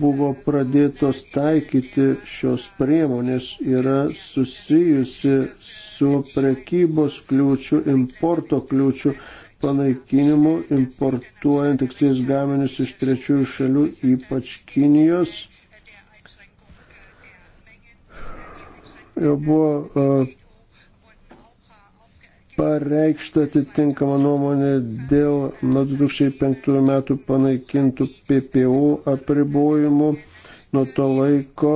B: buvo pradėtos taikyti šios priemonės yra susijusi su prekybos kliūčių, importo kliūčių panaikinimu importuojant tekstilės gaminius iš trečiųjų šalių, ypač Kinijos. Jau buvo pareikšta atitinkama nuomonė dėl nuo 2005 metų panaikintų PPU apribojimų. Nuo to laiko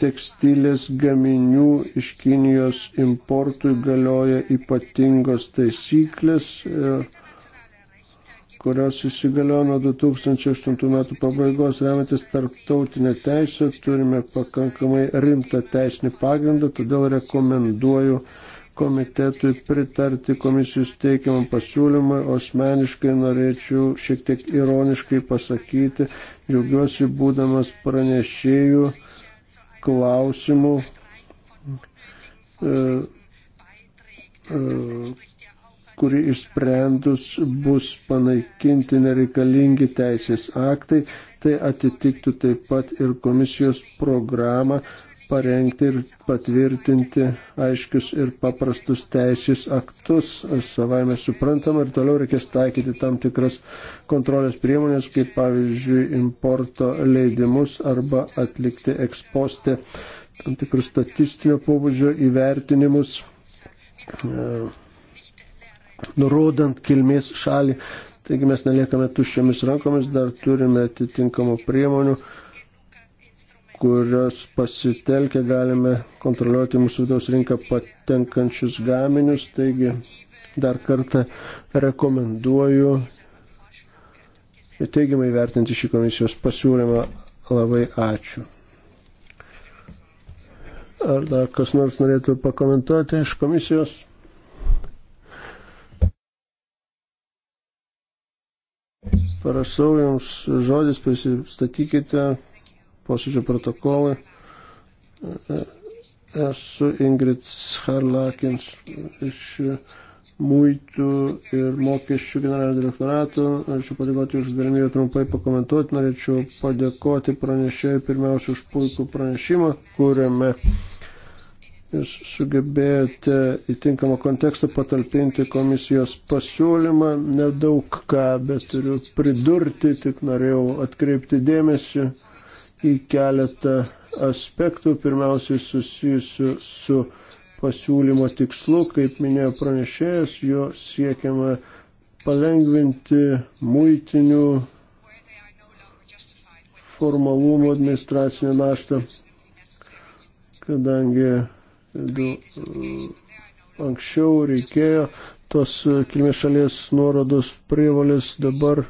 B: tekstilės gaminių iš Kinijos importui galioja ypatingos taisyklės, e, kurios įsigaliojo nuo 2008 metų pabaigos, remiantis tarptautinę teisę, turime pakankamai rimtą teisinį pagrindą, todėl rekomenduoju komitetui pritarti komisijos teikiamam pasiūlymui, asmeniškai norėčiau šiek tiek ironiškai pasakyti, džiaugiuosi būdamas pranešėjų klausimų, e, e, kuri išsprendus bus panaikinti nereikalingi teisės aktai, tai atitiktų taip pat ir komisijos programą parengti ir patvirtinti aiškius ir paprastus teisės aktus. Savaime suprantama ir toliau reikės taikyti tam tikras kontrolės priemonės, kaip pavyzdžiui importo leidimus arba atlikti ekspostę tam tikrus statistinio pobūdžio įvertinimus, e, nurodant kilmės šalį. Taigi mes neliekame tuščiamis rankomis, dar turime atitinkamų priemonių kurios pasitelkę galime kontroliuoti mūsų vidaus rinką patenkančius gaminius. Taigi dar kartą rekomenduoju teigiamai vertinti šį komisijos pasiūlymą. Labai ačiū. Ar dar kas nors norėtų pakomentuoti iš komisijos? Parašau jums žodis, prisistatykite, posėdžio protokolai. Esu Ingrid Scharlakins iš Muitų ir mokesčių generalinio direktorato. Norėčiau padėkoti už galimybę trumpai pakomentuoti. Norėčiau padėkoti pranešėjai pirmiausia už puikų pranešimą, kuriame jūs sugebėjote į tinkamą kontekstą patalpinti komisijos pasiūlymą, nedaug ką, bet turiu pridurti, tik norėjau atkreipti dėmesį į keletą aspektų, pirmiausiai susijusių su pasiūlymo tikslu, kaip minėjo pranešėjas, jo siekiama palengvinti muitinių formalumų administracinę naštą, kadangi anksčiau reikėjo tos kilmės šalies nuorodos prievalės dabar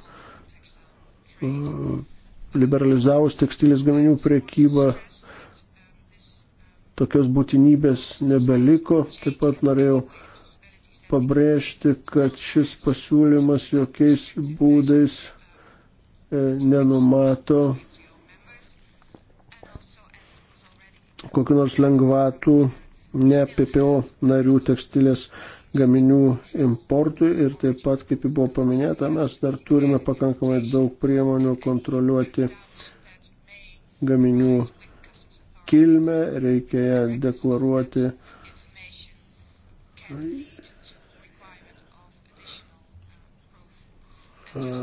B: liberalizavus tekstilės gaminių priekybą tokios būtinybės nebeliko. Taip pat norėjau pabrėžti, kad šis pasiūlymas jokiais būdais e, nenumato kokiu nors lengvatų ne PPO narių tekstilės gaminių importui ir taip pat, kaip jau buvo paminėta, mes dar turime pakankamai daug priemonių kontroliuoti gaminių kilmę, reikia ją deklaruoti.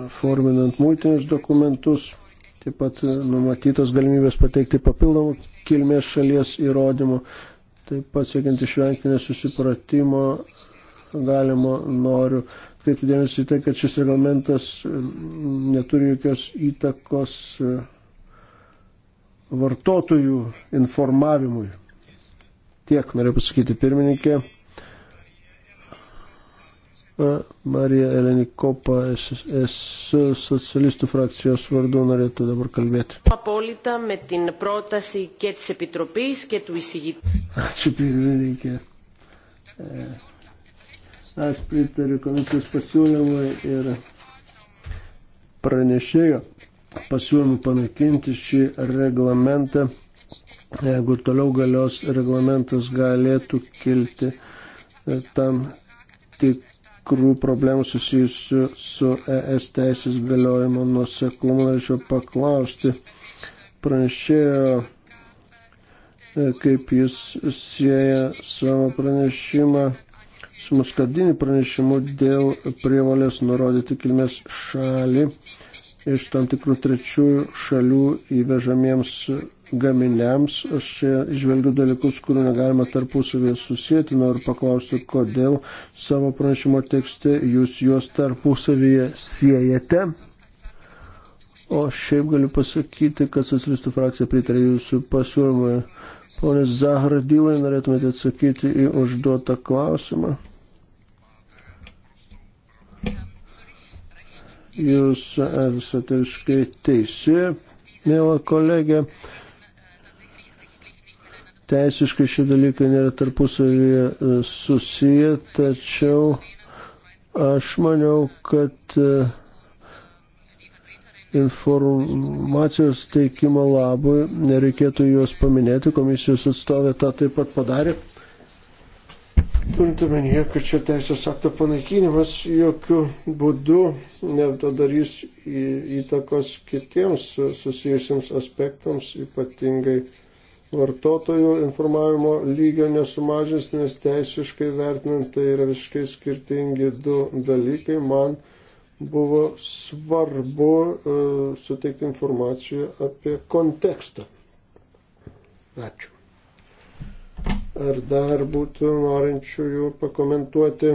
B: forminant multinius dokumentus, taip pat numatytos galimybės pateikti papildomų kilmės šalies įrodymų, taip pat siekiant išvengti nesusipratimo galimo noriu atkreipti dėmesį į tai, kad šis reglamentas neturi jokios įtakos e, vartotojų informavimui. Tiek noriu pasakyti pirmininkė. E, Marija Elenikopa, esu socialistų frakcijos vardu, norėtų dabar kalbėti.
A: Apolita, metin protasi, kėtis epitropys,
C: kėtų įsigyti.
B: Ačiū pirmininkė.
A: E Aš
B: pritariu komisijos pasiūlymui ir pranešėjo pasiūlymų panaikinti šį reglamentą. Jeigu toliau galios reglamentas galėtų kilti e, tam tikrų problemų susijusių su ES teisės galiojimo nuseklumu, norėčiau paklausti pranešėjo, e, kaip jis sieja savo pranešimą su muskardinį pranešimu dėl prievalės nurodyti kilmės šalį iš tam tikrų trečiųjų šalių įvežamiems gaminiams. Aš čia išvelgiu dalykus, kurių negalima tarpusavėje susijęti. Noriu paklausti, kodėl savo pranešimo tekste jūs juos tarpusavėje siejate. O šiaip galiu pasakyti, kad socialistų frakcija pritarė jūsų pasiūlymui. Pone Zahardylai, norėtumėte atsakyti į užduotą klausimą? Jūs e, esate visiškai teisi, mėla kolegė. Teisiškai šie dalykai nėra tarpusavyje e, susiję, tačiau aš maniau, kad uh, informacijos teikimo labui nereikėtų juos paminėti, komisijos atstovė tą taip pat padarė. Turint omenyje, kad šio teisės akto panaikinimas jokių būdų nedarys įtakos kitiems susijusiems aspektams, ypatingai vartotojų informavimo lygio nesumažins, nes teisiškai vertinant tai yra visiškai skirtingi du dalykai. Man buvo svarbu e, suteikti informaciją apie kontekstą. Ačiū. Ar dar būtų norinčiųjų pakomentuoti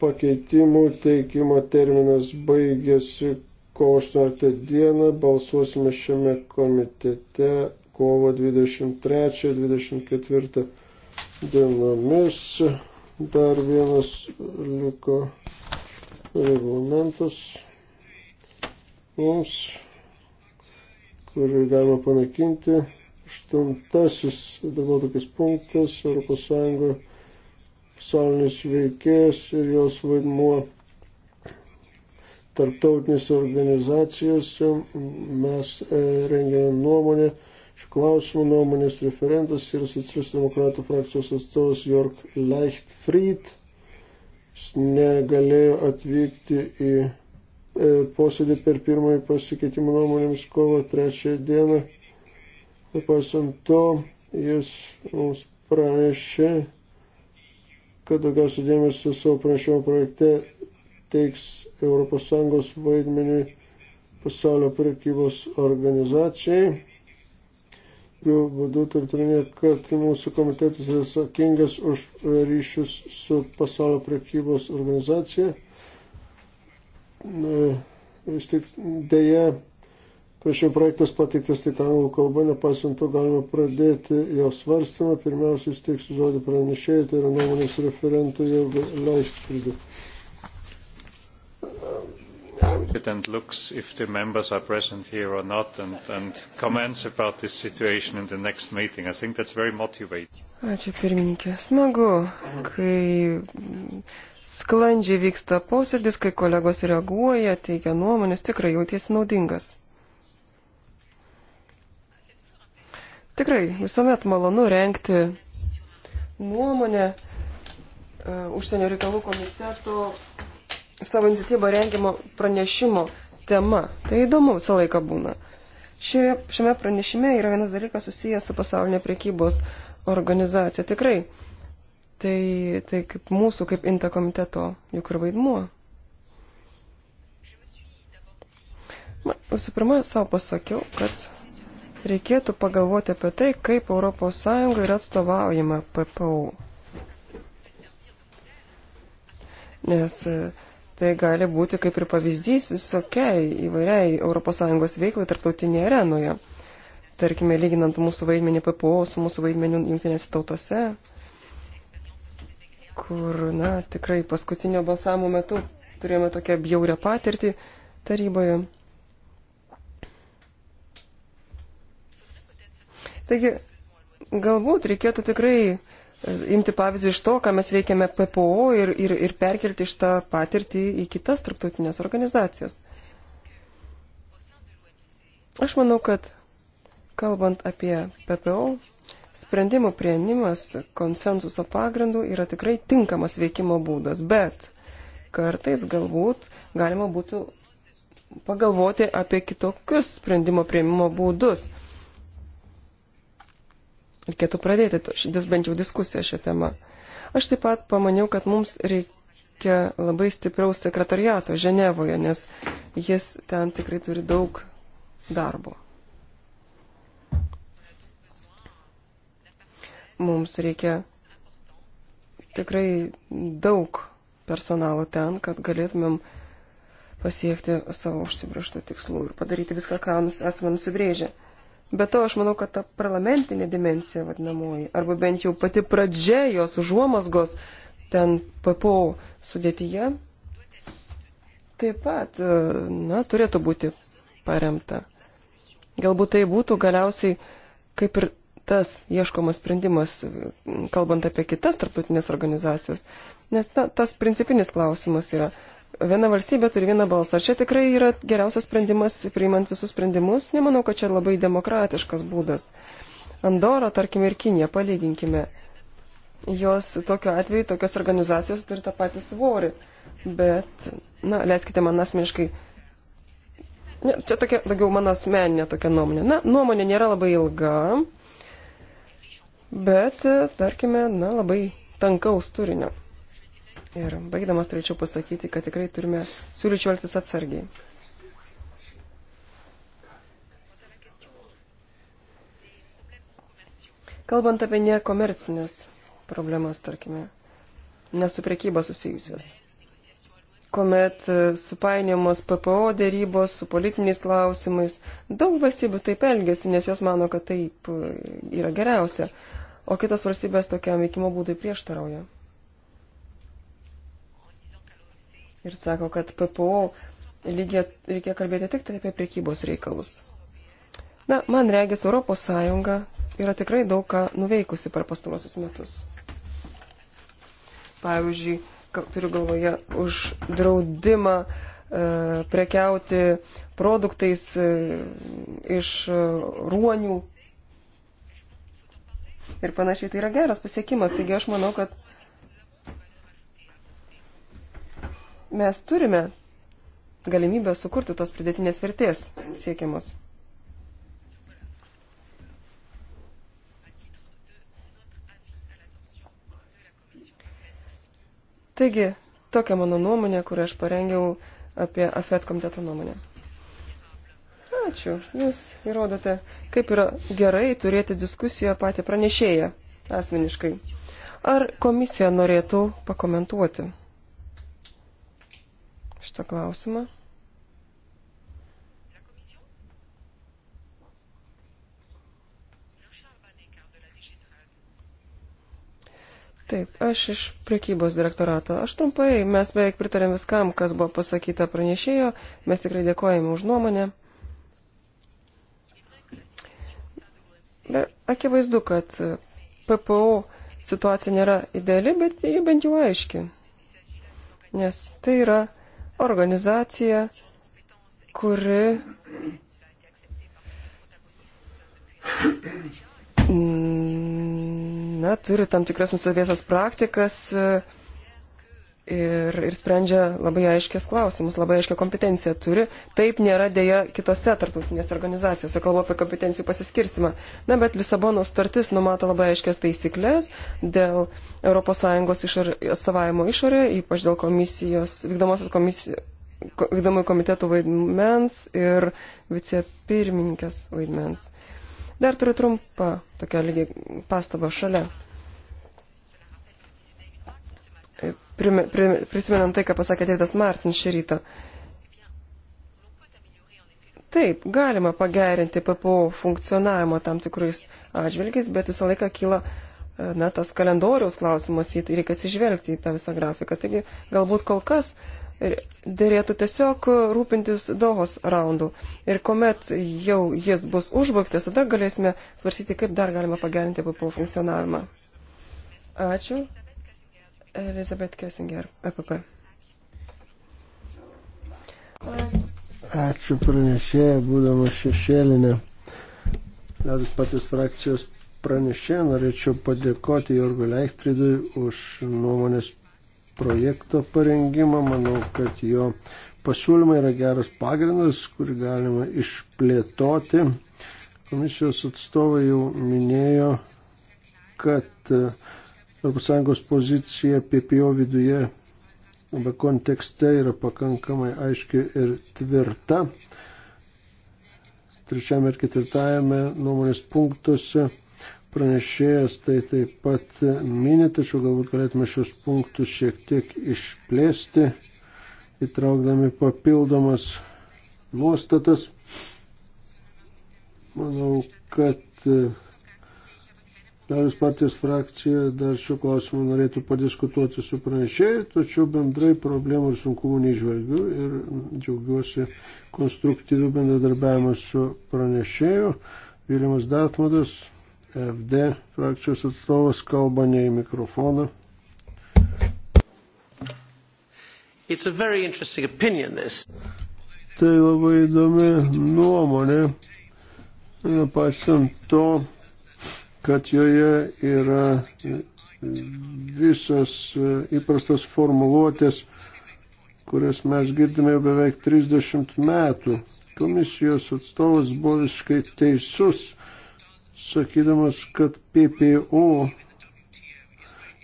B: pakeitimų teikimo terminas baigėsi kovo 18 dieną, balsuosime šiame komitete kovo 23-24 dienomis. Dar vienas liko reglamentas mums, kurį galima panaikinti. Aštuntasis dabar tokis punktas Europos Sąjungo pasaulinis veikėjas ir jos vaidmuo tarptautinėse organizacijose. Mes e, rengėme nuomonę Šiuo klausimu nuomonės referentas yra socialistų demokratų frakcijos atstovas Jork Leichtfried. Jis negalėjo atvykti į e, posėdį per pirmąjį pasikeitimą nuomonėms kovo trečią dieną. Nepaisant to, jis mums pranešė, kad daugiausia dėmesio savo pranešimo projekte teiks ES vaidmeniui pasaulio prekybos organizacijai tokiu būdu turtuminė, kad mūsų komitetas yra atsakingas už e, ryšius su pasaulio prekybos organizacija. Vis tik dėja, prieš jau projektas pateiktas tik anglų kalba, nepaisant to galima pradėti jo svarstymą. Pirmiausia, jūs teiksiu žodį pranešėjai, tai yra nuomonės referentų, jeigu leistų pridėti.
A: President looks if the members are present here or not and, and comments about this situation in the next meeting. I think that's very motivating.
C: Ačiū pirmininkė. Smagu, kai sklandžiai vyksta posėdis, kai kolegos reaguoja, teikia nuomonės, tikrai jautiesi naudingas. Tikrai visuomet malonu renkti nuomonę uh, užsienio reikalų komiteto savo iniciatyvą rengiamo pranešimo tema. Tai įdomu visą laiką būna. Šioje, šiame pranešime yra vienas dalykas susijęs su pasaulinė priekybos organizacija. Tikrai. Tai, tai kaip mūsų, kaip inta komiteto, juk ir vaidmuo. Man, visų pirma, savo pasakiau, kad reikėtų pagalvoti apie tai, kaip ES yra atstovaujama PPU. Nes uh, Tai gali būti kaip ir pavyzdys visokiai įvairiai ES veiklai tarptautinėje arenoje. Tarkime, lyginant mūsų vaidmenį PPO su mūsų vaidmeniu jungtinėse tautose, kur, na, tikrai paskutinio balsavimo metu turėjome tokią bjaurę patirtį taryboje. Taigi, galbūt reikėtų tikrai imti pavyzdį iš to, ką mes veikiame PPO ir, ir, ir perkelti šitą patirtį į kitas tarptautinės organizacijas. Aš manau, kad kalbant apie PPO, sprendimų prieimimas konsensuso pagrindų yra tikrai tinkamas veikimo būdas, bet kartais galbūt galima būtų pagalvoti apie kitokius sprendimo prieimimo būdus reikėtų pradėti dis, bent jau diskusiją šią temą. Aš taip pat pamaniau, kad mums reikia labai stipriaus sekretariato Ženevoje, nes jis ten tikrai turi daug darbo. Mums reikia tikrai daug personalo ten, kad galėtumėm pasiekti savo užsibrieštų tikslų ir padaryti viską, ką nus esame nusibrėžę. Bet to aš manau, kad ta parlamentinė dimensija vadinamoji, arba bent jau pati pradžia jos užuomasgos ten PPO sudėtyje, taip pat, e, na, turėtų būti paremta. Galbūt tai būtų galiausiai kaip ir tas ieškomas sprendimas, kalbant apie kitas tarptautinės organizacijos, nes na, tas principinis klausimas yra, viena valstybė turi vieną balsą. Ar čia tikrai yra geriausias sprendimas priimant visus sprendimus? Nemanau, kad čia labai demokratiškas būdas. Andorą, tarkim, ir Kiniją palyginkime. Jos tokiu atveju, tokios organizacijos turi tą patį svorį. Bet, na, leiskite man asmeniškai. Ne, čia tokia, daugiau mano asmeninė tokia nuomonė. Na, nuomonė nėra labai ilga, bet, tarkime, na, labai tankaus turinio. Ir baigdamas turėčiau pasakyti, kad tikrai turime siūlyčiau elgtis atsargiai. Kalbant apie nekomercinės problemas, tarkime, nesu prekyba susijusias. Komet e, supainiamos PPO dėrybos su politiniais klausimais, daug valstybių taip elgesi, nes jos mano, kad taip e, yra geriausia, o kitos valstybės tokiam veikimo būdui prieštarauja. ir sako, kad PPO lygia, reikia kalbėti tik tai apie priekybos reikalus. Na, man regis, Europos Sąjunga yra tikrai daug ką nuveikusi per pastarosius metus. Pavyzdžiui, turiu galvoje uždraudimą e, prekiauti produktais e, iš e, ruonių ir panašiai. Tai yra geras pasiekimas, taigi aš manau, kad mes turime galimybę sukurti tos pridėtinės vertės siekiamos. Taigi, tokia mano nuomonė, kurią aš parengiau apie AFET komiteto nuomonę. Ačiū. Jūs įrodote, kaip yra gerai turėti diskusiją patį pranešėją asmeniškai. Ar komisija norėtų pakomentuoti? šitą klausimą. Taip, aš iš priekybos direktorato. Aš trumpai, mes beveik pritarėm viskam, kas buvo pasakyta pranešėjo. Mes tikrai dėkojame už nuomonę. Be, akivaizdu, kad PPO situacija nėra ideali, bet ji bent jau aiški. Nes tai yra organizacija, kuri na, turi tam tikras nusavėsas praktikas, ir, ir sprendžia labai aiškias klausimus, labai aiškia kompetencija turi. Taip nėra dėja kitose tarptautinėse organizacijose, kalbu apie kompetencijų pasiskirstimą. Na, bet Lisabono sutartis numato labai aiškias taisyklės dėl ES išor, atstovavimo išorė, ypač dėl komisijos, vykdomosios komisijos vykdomųjų komitetų vaidmens ir vicepirmininkės vaidmens. Dar turiu trumpą tokią lygiai pastabą šalia. primi, primi, prisimenam tai, ką pasakė Davidas Martin šį rytą. Taip, galima pagerinti PPO funkcionavimo tam tikrais atžvilgiais, bet visą laiką kyla e, na, tas kalendoriaus klausimas, jį tai reikia atsižvelgti į tą visą grafiką. Taigi galbūt kol kas dėrėtų tiesiog rūpintis Dohos raundų. Ir kuomet jau jis bus užbaigtas, tada galėsime svarsyti, kaip dar galima pagerinti PPO funkcionavimą. Ačiū. Elizabeth Kessinger, EPP.
B: Ačiū pranešėjai, būdama šešėlinė.
C: Liaudis patys
B: frakcijos pranešė, norėčiau padėkoti Jorgo Leistridui už nuomonės projekto parengimą. Manau, kad jo pasiūlymai yra geras pagrindas, kurį galima išplėtoti. Komisijos atstovai jau minėjo, kad uh, ES pozicija PPO viduje arba kontekste yra pakankamai aiški ir tvirta. Trečiame ir ketvirtajame nuomonės punktuose pranešėjas tai taip pat mini, tačiau galbūt galėtume šios punktus šiek tiek išplėsti, įtraukdami papildomas nuostatas. Manau, kad Liaudės partijos frakcija dar šiuo klausimu norėtų padiskutuoti su pranešėjai, tačiau bendrai problemų ir sunkumų neižvelgiu ir džiaugiuosi konstruktyvių bendradarbiavimą su pranešėju. Viljamas Dartmadas, FD frakcijos atstovas, kalba ne į mikrofoną. Opinion, tai labai įdomi nuomonė, nepaisant to, kad joje yra visos įprastos formuluotės, kurias mes girdime jau beveik 30 metų. Komisijos atstovas buvo visiškai teisus, sakydamas, kad PPO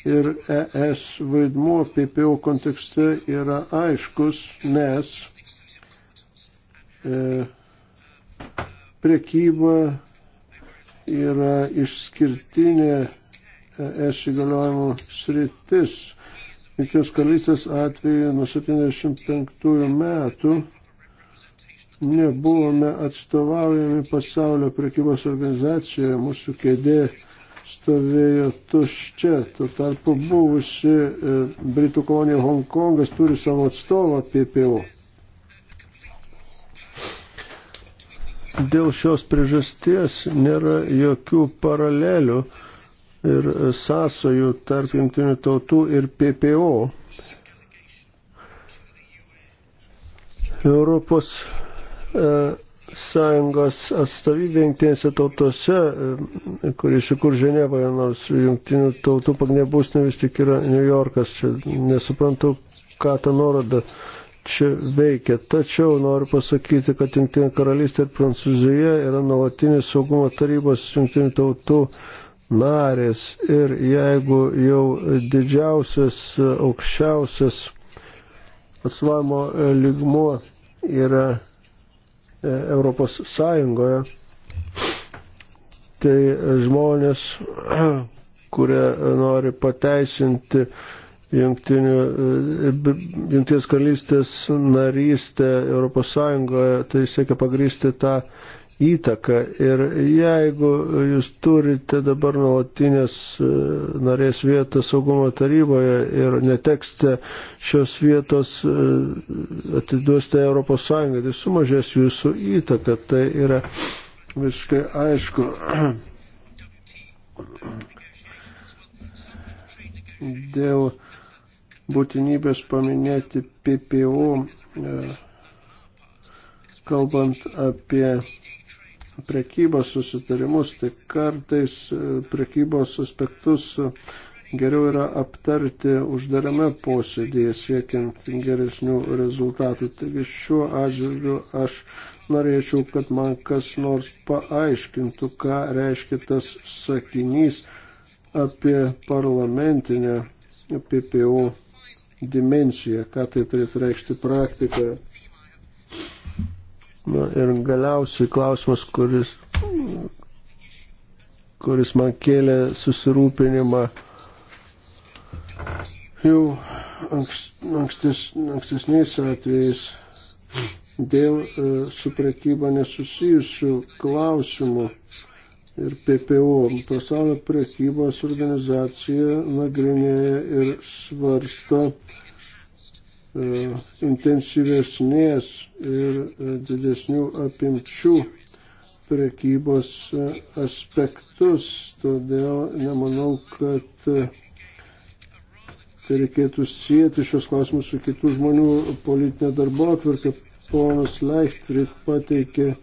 B: ir ES vaidmuo PPO kontekste yra aiškus, nes e, priekyba yra išskirtinė es įgaliojimų sritis. Jungtinės karalystės atveju nuo 75 metų nebuvome atstovaujami pasaulio prekybos organizacijoje, mūsų kėdė stovėjo tuščia. Tuo tarpu buvusi e, Britų kolonija Hongkongas turi savo atstovą PPO. dėl šios priežasties nėra jokių paralelių ir sąsojų tarp jungtinių tautų ir PPO. Europos e, Sąjungos atstovybė jungtinėse tautose, e, kuris įkur Ženevoje, nors jungtinių tautų pagrindinė būstinė vis tik yra New Yorkas. Čia nesuprantu, ką ta nuoroda e, čia veikia. Tačiau noriu pasakyti, kad Junktinė karalystė ir Prancūzija yra nuolatinis saugumo tarybos Junktinių tautų narės ir jeigu jau didžiausias, aukščiausias atsvamo lygmuo yra e, Europos Sąjungoje, tai žmonės, kurie nori pateisinti Junktinės e, karalystės narystė Europos Sąjungoje, tai siekia pagrysti tą įtaką. Ir jeigu jūs turite dabar nuolatinės e, narės vietą saugumo taryboje ir neteksite šios vietos, e, atiduosite Europos Sąjungai, tai sumažės jūsų įtaka. Tai yra visiškai aišku. Dėl būtinybės paminėti PPO, e, kalbant apie prekybos susitarimus, tai kartais e, prekybos aspektus e, geriau yra aptarti uždarame posėdėje siekiant geresnių rezultatų. Taigi šiuo atžvilgiu aš norėčiau, kad man kas nors paaiškintų, ką reiškia tas sakinys apie parlamentinę PPO dimensiją, ką tai turėtų reikšti praktikoje. Na, ir galiausiai klausimas, kuris, kuris man kėlė susirūpinimą jau ankstis, ankstesniais atvejais dėl e, su prekyba nesusijusių klausimų. E, ir PPO. Pasaulio prekybos organizacija nagrinėja ir svarsto e, intensyvesnės ir e, didesnių apimčių prekybos e, aspektus. Todėl nemanau, kad e, tai reikėtų sieti šios klausimus su kitų žmonių politinė darbo atvarkė. Ponas Leichtfried pateikė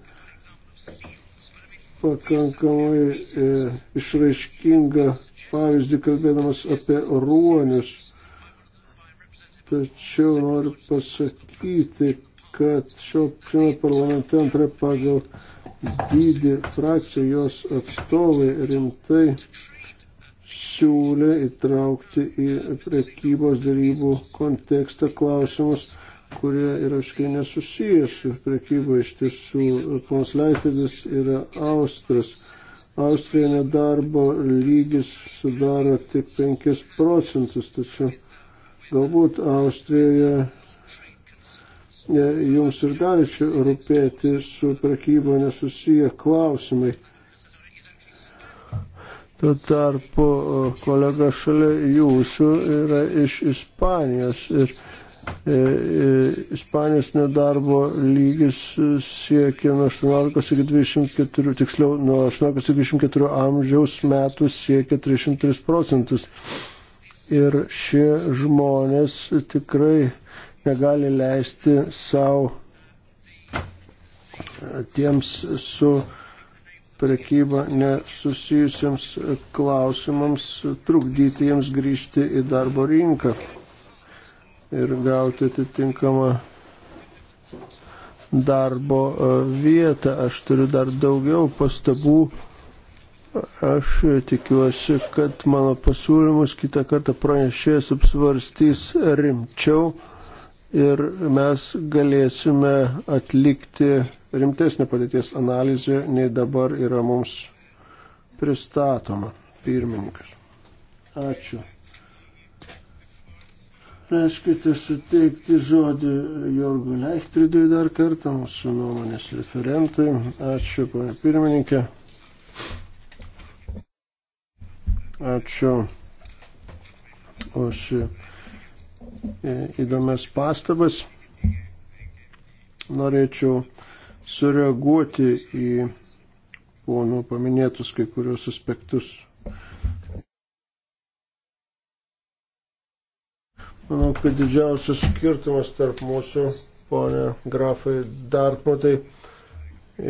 B: pakankamai e, išraiškingą pavyzdį, kalbėdamas apie ruonius. Tačiau noriu pasakyti, kad šio, šiame parlamente antrą pagal dydį frakciją jos atstovai rimtai siūlė įtraukti į prekybos darybų kontekstą klausimus kurie yra aiškiai nesusiję su prekyba. Iš tiesų, ponas Leifridis yra Austras. Austrija nedarbo lygis sudaro tik 5 procentus, tačiau galbūt Austrijoje e, jums ir gali čia rūpėti su prekyba nesusiję klausimai. Tuo tarpu kolega šalia jūsų yra iš Ispanijos ir E, e, Ispanijos nedarbo lygis siekia nuo 18 iki 24, tiksliau nuo 18 iki 24 amžiaus metų siekia 303 procentus. Ir šie žmonės tikrai negali leisti savo e, tiems su prekyba nesusijusiems klausimams trukdyti jiems grįžti į darbo rinką ir gauti atitinkamą darbo e, vietą. Aš turiu dar daugiau pastabų. Aš tikiuosi, kad mano pasiūlymus kitą kartą pranešėjas apsvarstys rimčiau ir mes galėsime atlikti rimtesnį padėties analizę, nei dabar yra mums pristatoma pirmininkas. Ačiū. Leiskite suteikti žodį Jorgui Leichtridui dar kartą, mūsų nuomonės referentui. Ačiū, ponė pirmininkė. Ačiū už e, įdomias pastabas. Norėčiau sureaguoti į ponų paminėtus kai kurios aspektus. Manau, kad didžiausias skirtumas tarp mūsų, ponė grafai Dartmutai,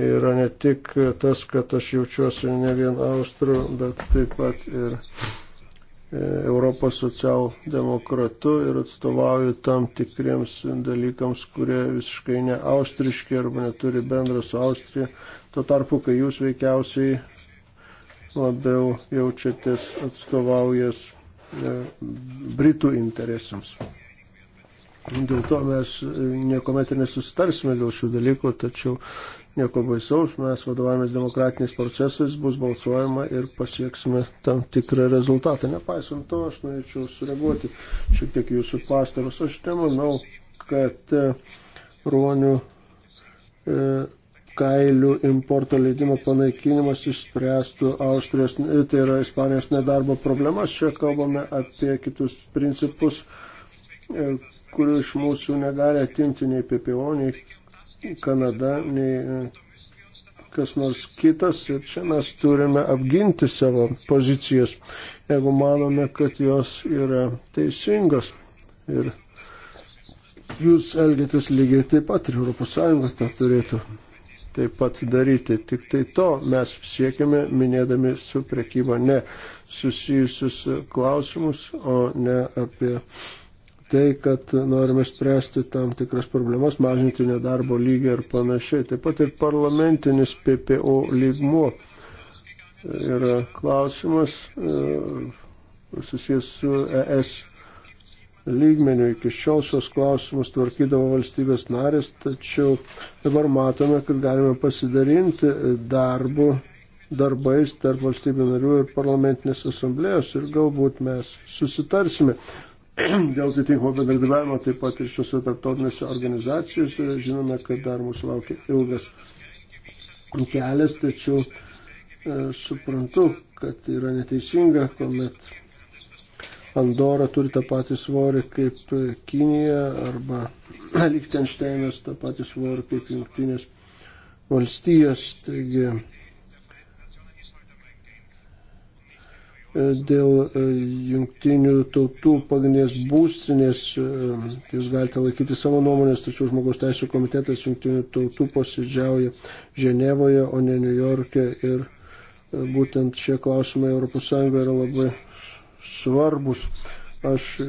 B: yra ne tik tas, kad aš jaučiuosi ne vien Austru, bet taip pat ir e, Europos socialdemokratu ir atstovauju tam tikriems dalykams, kurie visiškai ne austriški arba neturi bendro su Austrija. Tuo tarpu, kai jūs veikiausiai labiau jaučiatės atstovaujas E, Britų interesams. Dėl to mes e, niekuomet ir nesusitarsime dėl šių dalykų, tačiau nieko baisaus, mes vadovavimės demokratiniais procesais, bus balsuojama ir pasieksime tam tikrą rezultatą. Nepaisant to, aš norėčiau sureaguoti šiek tiek jūsų pastarus. Aš nemanau, kad e, ruonių e, kailių importo leidimo panaikinimas išspręstų Austrijos, tai yra Ispanijos nedarbo problemas. Čia kalbame apie kitus principus, e, kurių iš mūsų negali atimti nei PPO, nei Kanada, nei e, kas nors kitas ir čia mes turime apginti savo pozicijas, jeigu manome, kad jos yra teisingos. Ir jūs elgėtės lygiai taip pat ir ES tą turėtų taip pat daryti. Tik tai to mes siekiame, minėdami su prekyba ne susijusius klausimus, o ne apie tai, kad norime spręsti tam tikras problemas, mažinti nedarbo lygį ir panašiai. Taip pat ir parlamentinis PPO lygmuo yra klausimas e, susijęs su ES lygmenių. Iki šiol šios klausimus tvarkydavo valstybės narės, tačiau dabar matome, kad galime pasidarinti darbu, darbais tarp valstybių narių ir parlamentinės asamblėjos ir galbūt mes susitarsime. Dėl atitinkamo bendradarbiavimo taip pat ir šiuose tarptautinėse organizacijose žinome, kad dar mūsų laukia ilgas kelias, tačiau e, suprantu, kad yra neteisinga, kuomet Andora turi tą patį svorį kaip Kinija arba Lichtensteinas tą patį svorį kaip Junktinės valstijos. Taigi, dėl e, jungtinių tautų pagrindinės būstinės, e, tai jūs galite laikyti savo nuomonės, tačiau žmogaus teisų komitetas jungtinių tautų posėdžiauja Ženevoje, o ne New York'e ir e, būtent šie klausimai ES yra labai svarbus. Aš e,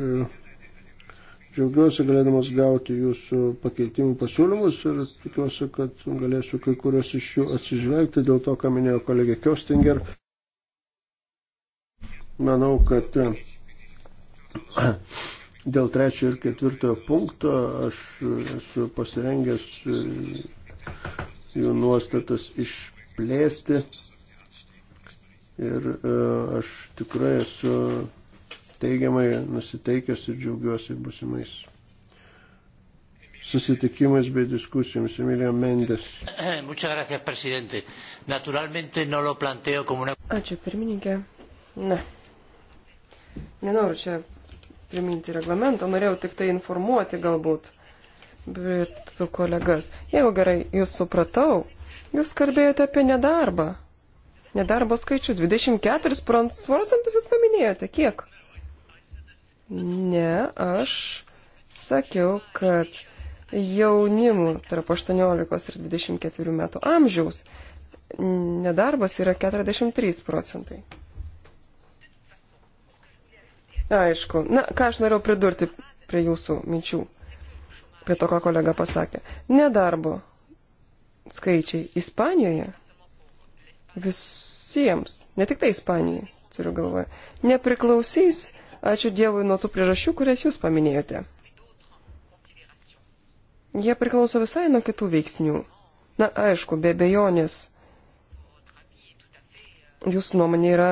B: džiaugiuosi galėdamas gauti jūsų pakeitimų pasiūlymus ir tikiuosi, kad galėsiu kai kurios iš jų atsižvelgti dėl to, ką minėjo kolegė Kjostinger. Manau, kad e, dėl trečio ir ketvirtojo punkto aš esu pasirengęs e, jų nuostatas išplėsti Ir e, aš tikrai esu teigiamai nusiteikęs ir džiaugiuosi būsimais susitikimais bei diskusijomis. Emilija
A: Mendes.
C: Ačiū pirmininkė. Ne. Nenoriu čia priminti reglamento, norėjau tik tai informuoti galbūt britų kolegas. Jeigu gerai jūs supratau, jūs kalbėjote apie nedarbą. Nedarbo skaičių 24 procentus jūs paminėjote. Kiek? Ne, aš sakiau, kad jaunimų tarp 18 ir 24 metų amžiaus nedarbas yra 43 procentai. Aišku. Na, ką aš norėjau pridurti prie jūsų minčių, prie to, ką kolega pasakė. Nedarbo skaičiai Ispanijoje visiems, ne tik tai Ispanijai, turiu galvoje, nepriklausys, ačiū Dievui, nuo tų priežasčių, kurias jūs paminėjote. Jie priklauso visai nuo kitų veiksnių. Na, aišku, be bejonės. Jūsų nuomonė yra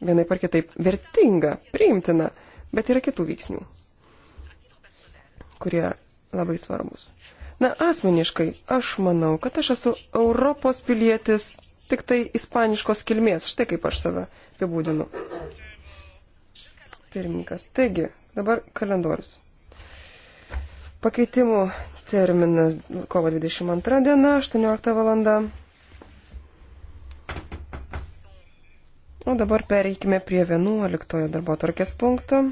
C: vienai par kitaip vertinga, priimtina, bet yra kitų veiksnių, kurie labai svarbus. Na, asmeniškai, aš manau, kad aš esu Europos pilietis tik tai ispaniškos kilmės. Štai kaip aš save apibūdinu. Pirmininkas. Taigi, dabar kalendorius. Pakeitimų terminas kovo 22 diena, 18 valanda. O dabar pereikime prie 11 darbo tvarkės punkto.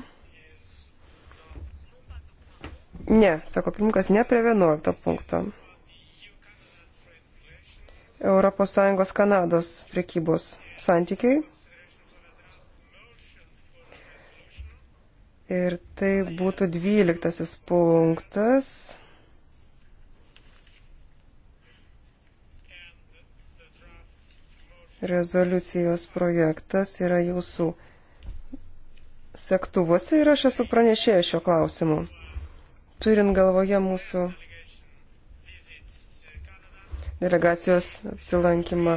C: Ne, sako pirmininkas, ne prie 11 punkto. ES Kanados prekybos santykiai. Ir tai būtų dvyliktasis punktas. Rezoliucijos projektas yra jūsų sektuvose ir aš esu pranešėjęs šio klausimu. Turint galvoje mūsų delegacijos apsilankimą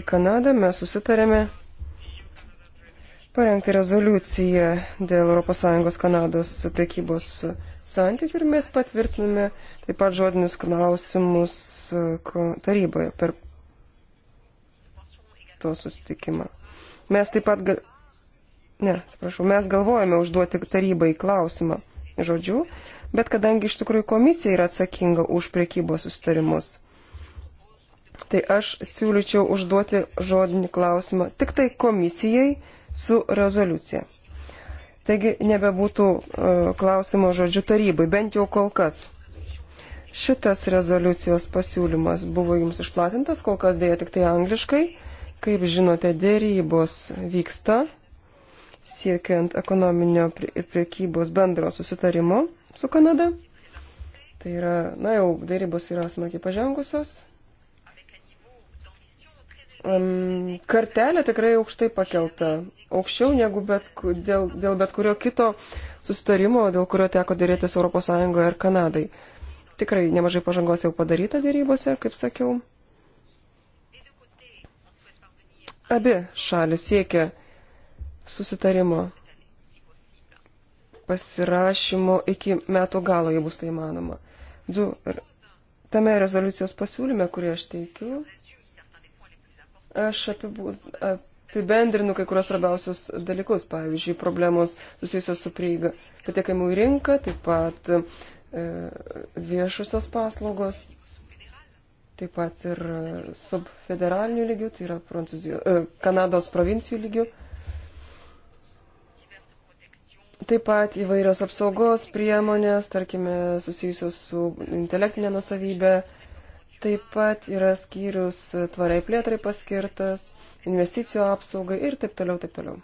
C: į Kanadą, mes susitarėme parengti rezoliuciją dėl ES Kanados priekybos santykių ir mes patvirtiname taip pat žodinius klausimus e, taryboje per to susitikimą. Mes taip pat, gal... ne, atsiprašau, mes galvojame užduoti tarybai klausimą žodžiu, bet kadangi iš tikrųjų komisija yra atsakinga už priekybos sustarimus tai aš siūlyčiau užduoti žodinį klausimą tik tai komisijai su rezoliucija. Taigi nebebūtų e, klausimo žodžių tarybai, bent jau kol kas. Šitas rezoliucijos pasiūlymas buvo jums išplatintas, kol kas dėja tik tai angliškai. Kaip žinote, dėrybos vyksta siekiant ekonominio ir priekybos bendro susitarimo su Kanada. Tai yra, na jau, dėrybos yra smarkiai pažengusios, um, kartelė tikrai aukštai pakelta, aukščiau negu bet, dėl, dėl bet kurio kito sustarimo, dėl kurio teko dėrėtis ES ir Kanadai. Tikrai nemažai pažangos jau padaryta dėrybose, kaip sakiau. Abi šalis siekia susitarimo pasirašymo iki metų galo, jei bus tai manoma. Du, tame rezoliucijos pasiūlyme, kurį aš teikiu, Aš apibendrinu kai kurios svarbiausius dalykus, pavyzdžiui, problemos susijusios su prieiga patekiamų į rinką, taip pat e, viešusios paslaugos, taip pat ir subfederalinių lygių, tai yra Prancūzijos, e, Kanados provincijų lygių. Taip pat įvairios apsaugos priemonės, tarkime, susijusios su intelektinė nusavybė, Taip pat yra skyrius tvariai plėtrai paskirtas, investicijų apsaugai ir taip toliau, taip toliau.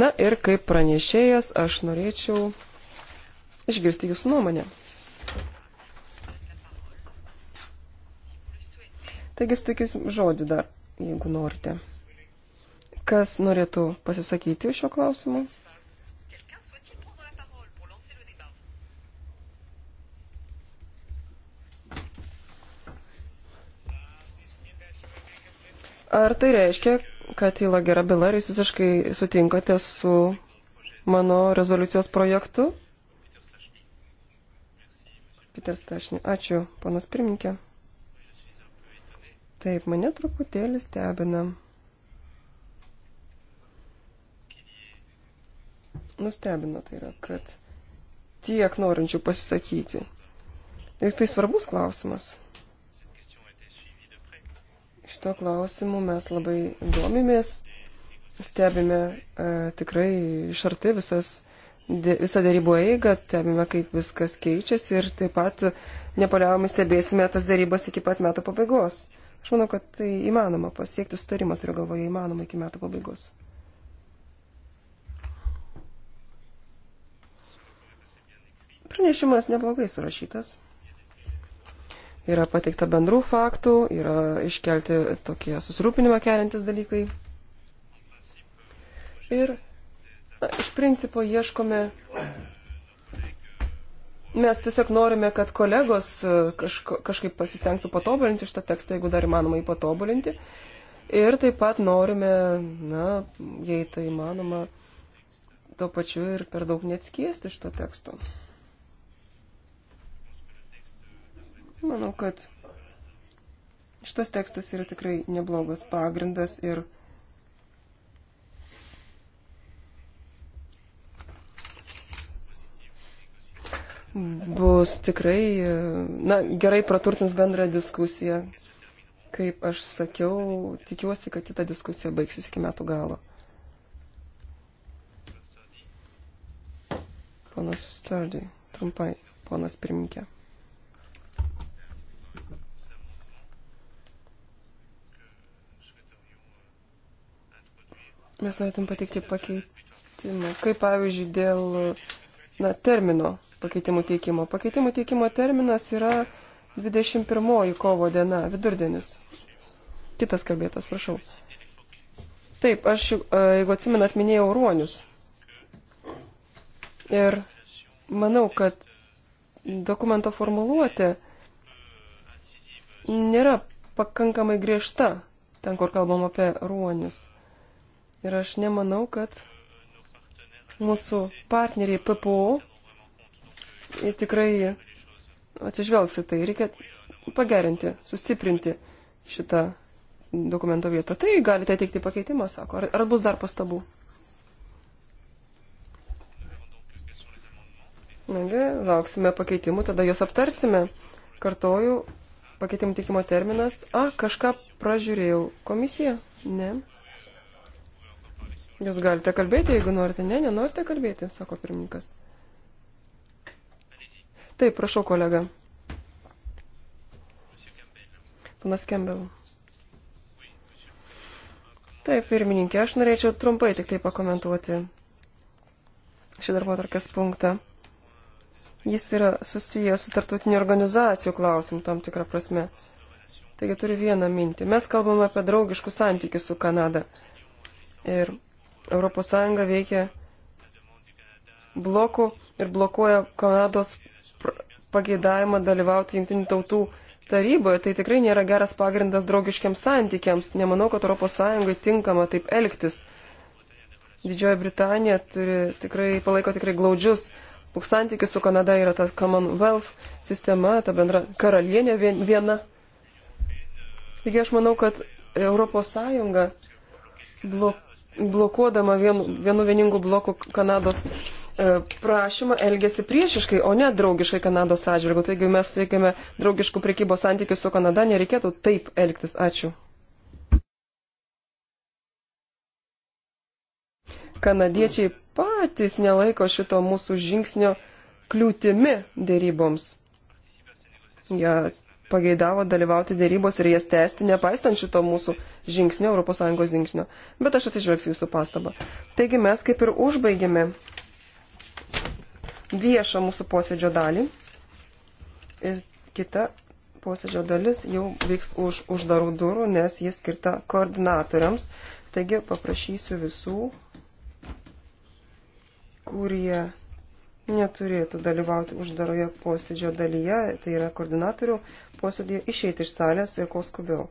C: Na ir kaip pranešėjas aš norėčiau išgirsti jūsų nuomonę. Taigi sutikis žodį dar, jeigu norite. Kas norėtų pasisakyti šio klausimus? Ar tai reiškia, kad tyla gera byla ir jūs visiškai sutinkate su mano rezoliucijos projektu? Peter Stašni. Ačiū, panas pirmininkė. Taip, mane truputėlį stebina. Nustebino tai yra, kad tiek norinčių pasisakyti. Ir tai svarbus klausimas. Šito klausimu mes labai domimės, stebime e, tikrai iš arti visas, dė, visą darybų eigą, stebime, kaip viskas keičiasi ir taip pat nepaliaujamai stebėsime tas darybas iki pat metų pabaigos. Aš manau, kad tai įmanoma pasiekti sutarimą, turiu galvoje, įmanoma iki metų pabaigos. Pranešimas neblogai surašytas. Yra pateikta bendrų faktų, yra iškelti tokie susirūpinimą keliantis dalykai. Ir na, iš principo ieškome. Mes tiesiog norime, kad kolegos e, kažko, kažkaip pasistengtų patobulinti šitą tekstą, jeigu dar įmanoma jį patobulinti. Ir taip pat norime, na, jei tai įmanoma, tuo pačiu ir per daug neatskiesti šito teksto. Manau, kad šitas tekstas yra tikrai neblogas pagrindas ir bus tikrai, na, gerai praturtins bendrą diskusiją. Kaip aš sakiau, tikiuosi, kad kita diskusija baigsis iki metų galo. Ponas Stardy, trumpai, ponas pirminkė. Mes norėtum pateikti pakeitimą. Kaip pavyzdžiui dėl na, termino pakeitimų teikimo. Pakeitimų teikimo terminas yra 21 kovo diena, vidurdienis. Kitas kalbėtas, prašau. Taip, aš, e, jeigu atsimenat, minėjau ruonius. Ir manau, kad dokumento formuluotė nėra pakankamai griežta ten, kur kalbam apie ruonius. Ir aš nemanau, kad mūsų partneriai PPO tikrai atsižvelgs į tai. Reikia pagerinti, sustiprinti šitą dokumento vietą. Tai galite teikti pakeitimą, sako. Ar, ar bus dar pastabų? Nagi, lauksime pakeitimų, tada juos aptarsime. Kartoju, pakeitimų teikimo terminas. A, kažką pražiūrėjau. Komisija? Ne. Jūs galite kalbėti, jeigu norite. Ne, nenorite kalbėti, sako pirmininkas. Taip, prašau, kolega. Panas Kembel. Taip, pirmininkė, aš norėčiau trumpai tik tai pakomentuoti šį darbo tarkės punktą. Jis yra susijęs su tarptautiniu organizacijų klausimu tam tikrą prasme. Taigi turi vieną mintį. Mes kalbame apie draugiškus santykius su Kanada. Ir ES veikia bloku ir blokuoja Kanados pageidavimą dalyvauti jungtinių tautų taryboje, tai tikrai nėra geras pagrindas draugiškiams santykiams. Nemanau, kad ES tinkama taip elgtis. Didžioji Britanija turi, tikrai, palaiko tikrai glaudžius santykius su Kanada, yra ta Commonwealth sistema, ta bendra karalienė viena. Taigi aš manau, kad ES blok, blokuodama vienu, vienu vieningu bloku Kanados e, prašymą elgesi priešiškai, o ne draugiškai Kanados atžvilgiu. Taigi mes siekiame draugiškų priekybos santykių su Kanada, nereikėtų taip elgtis. Ačiū. Kanadiečiai patys nelaiko šito mūsų žingsnio kliūtimi dėryboms. Jie ja pageidavo dalyvauti dėrybos ir jas tęsti, nepaistant šito mūsų žingsnio, ES žingsnio. Bet aš atsižvelgsiu jūsų pastabą. Taigi mes kaip ir užbaigėme viešą mūsų posėdžio dalį. Ir kita posėdžio dalis jau vyks už uždarų durų, nes jis skirta koordinatoriams. Taigi paprašysiu visų, kurie neturėtų dalyvauti uždaroje posėdžio dalyje, tai yra koordinatorių posėdį išeiti iš salės ir kuo skubiau.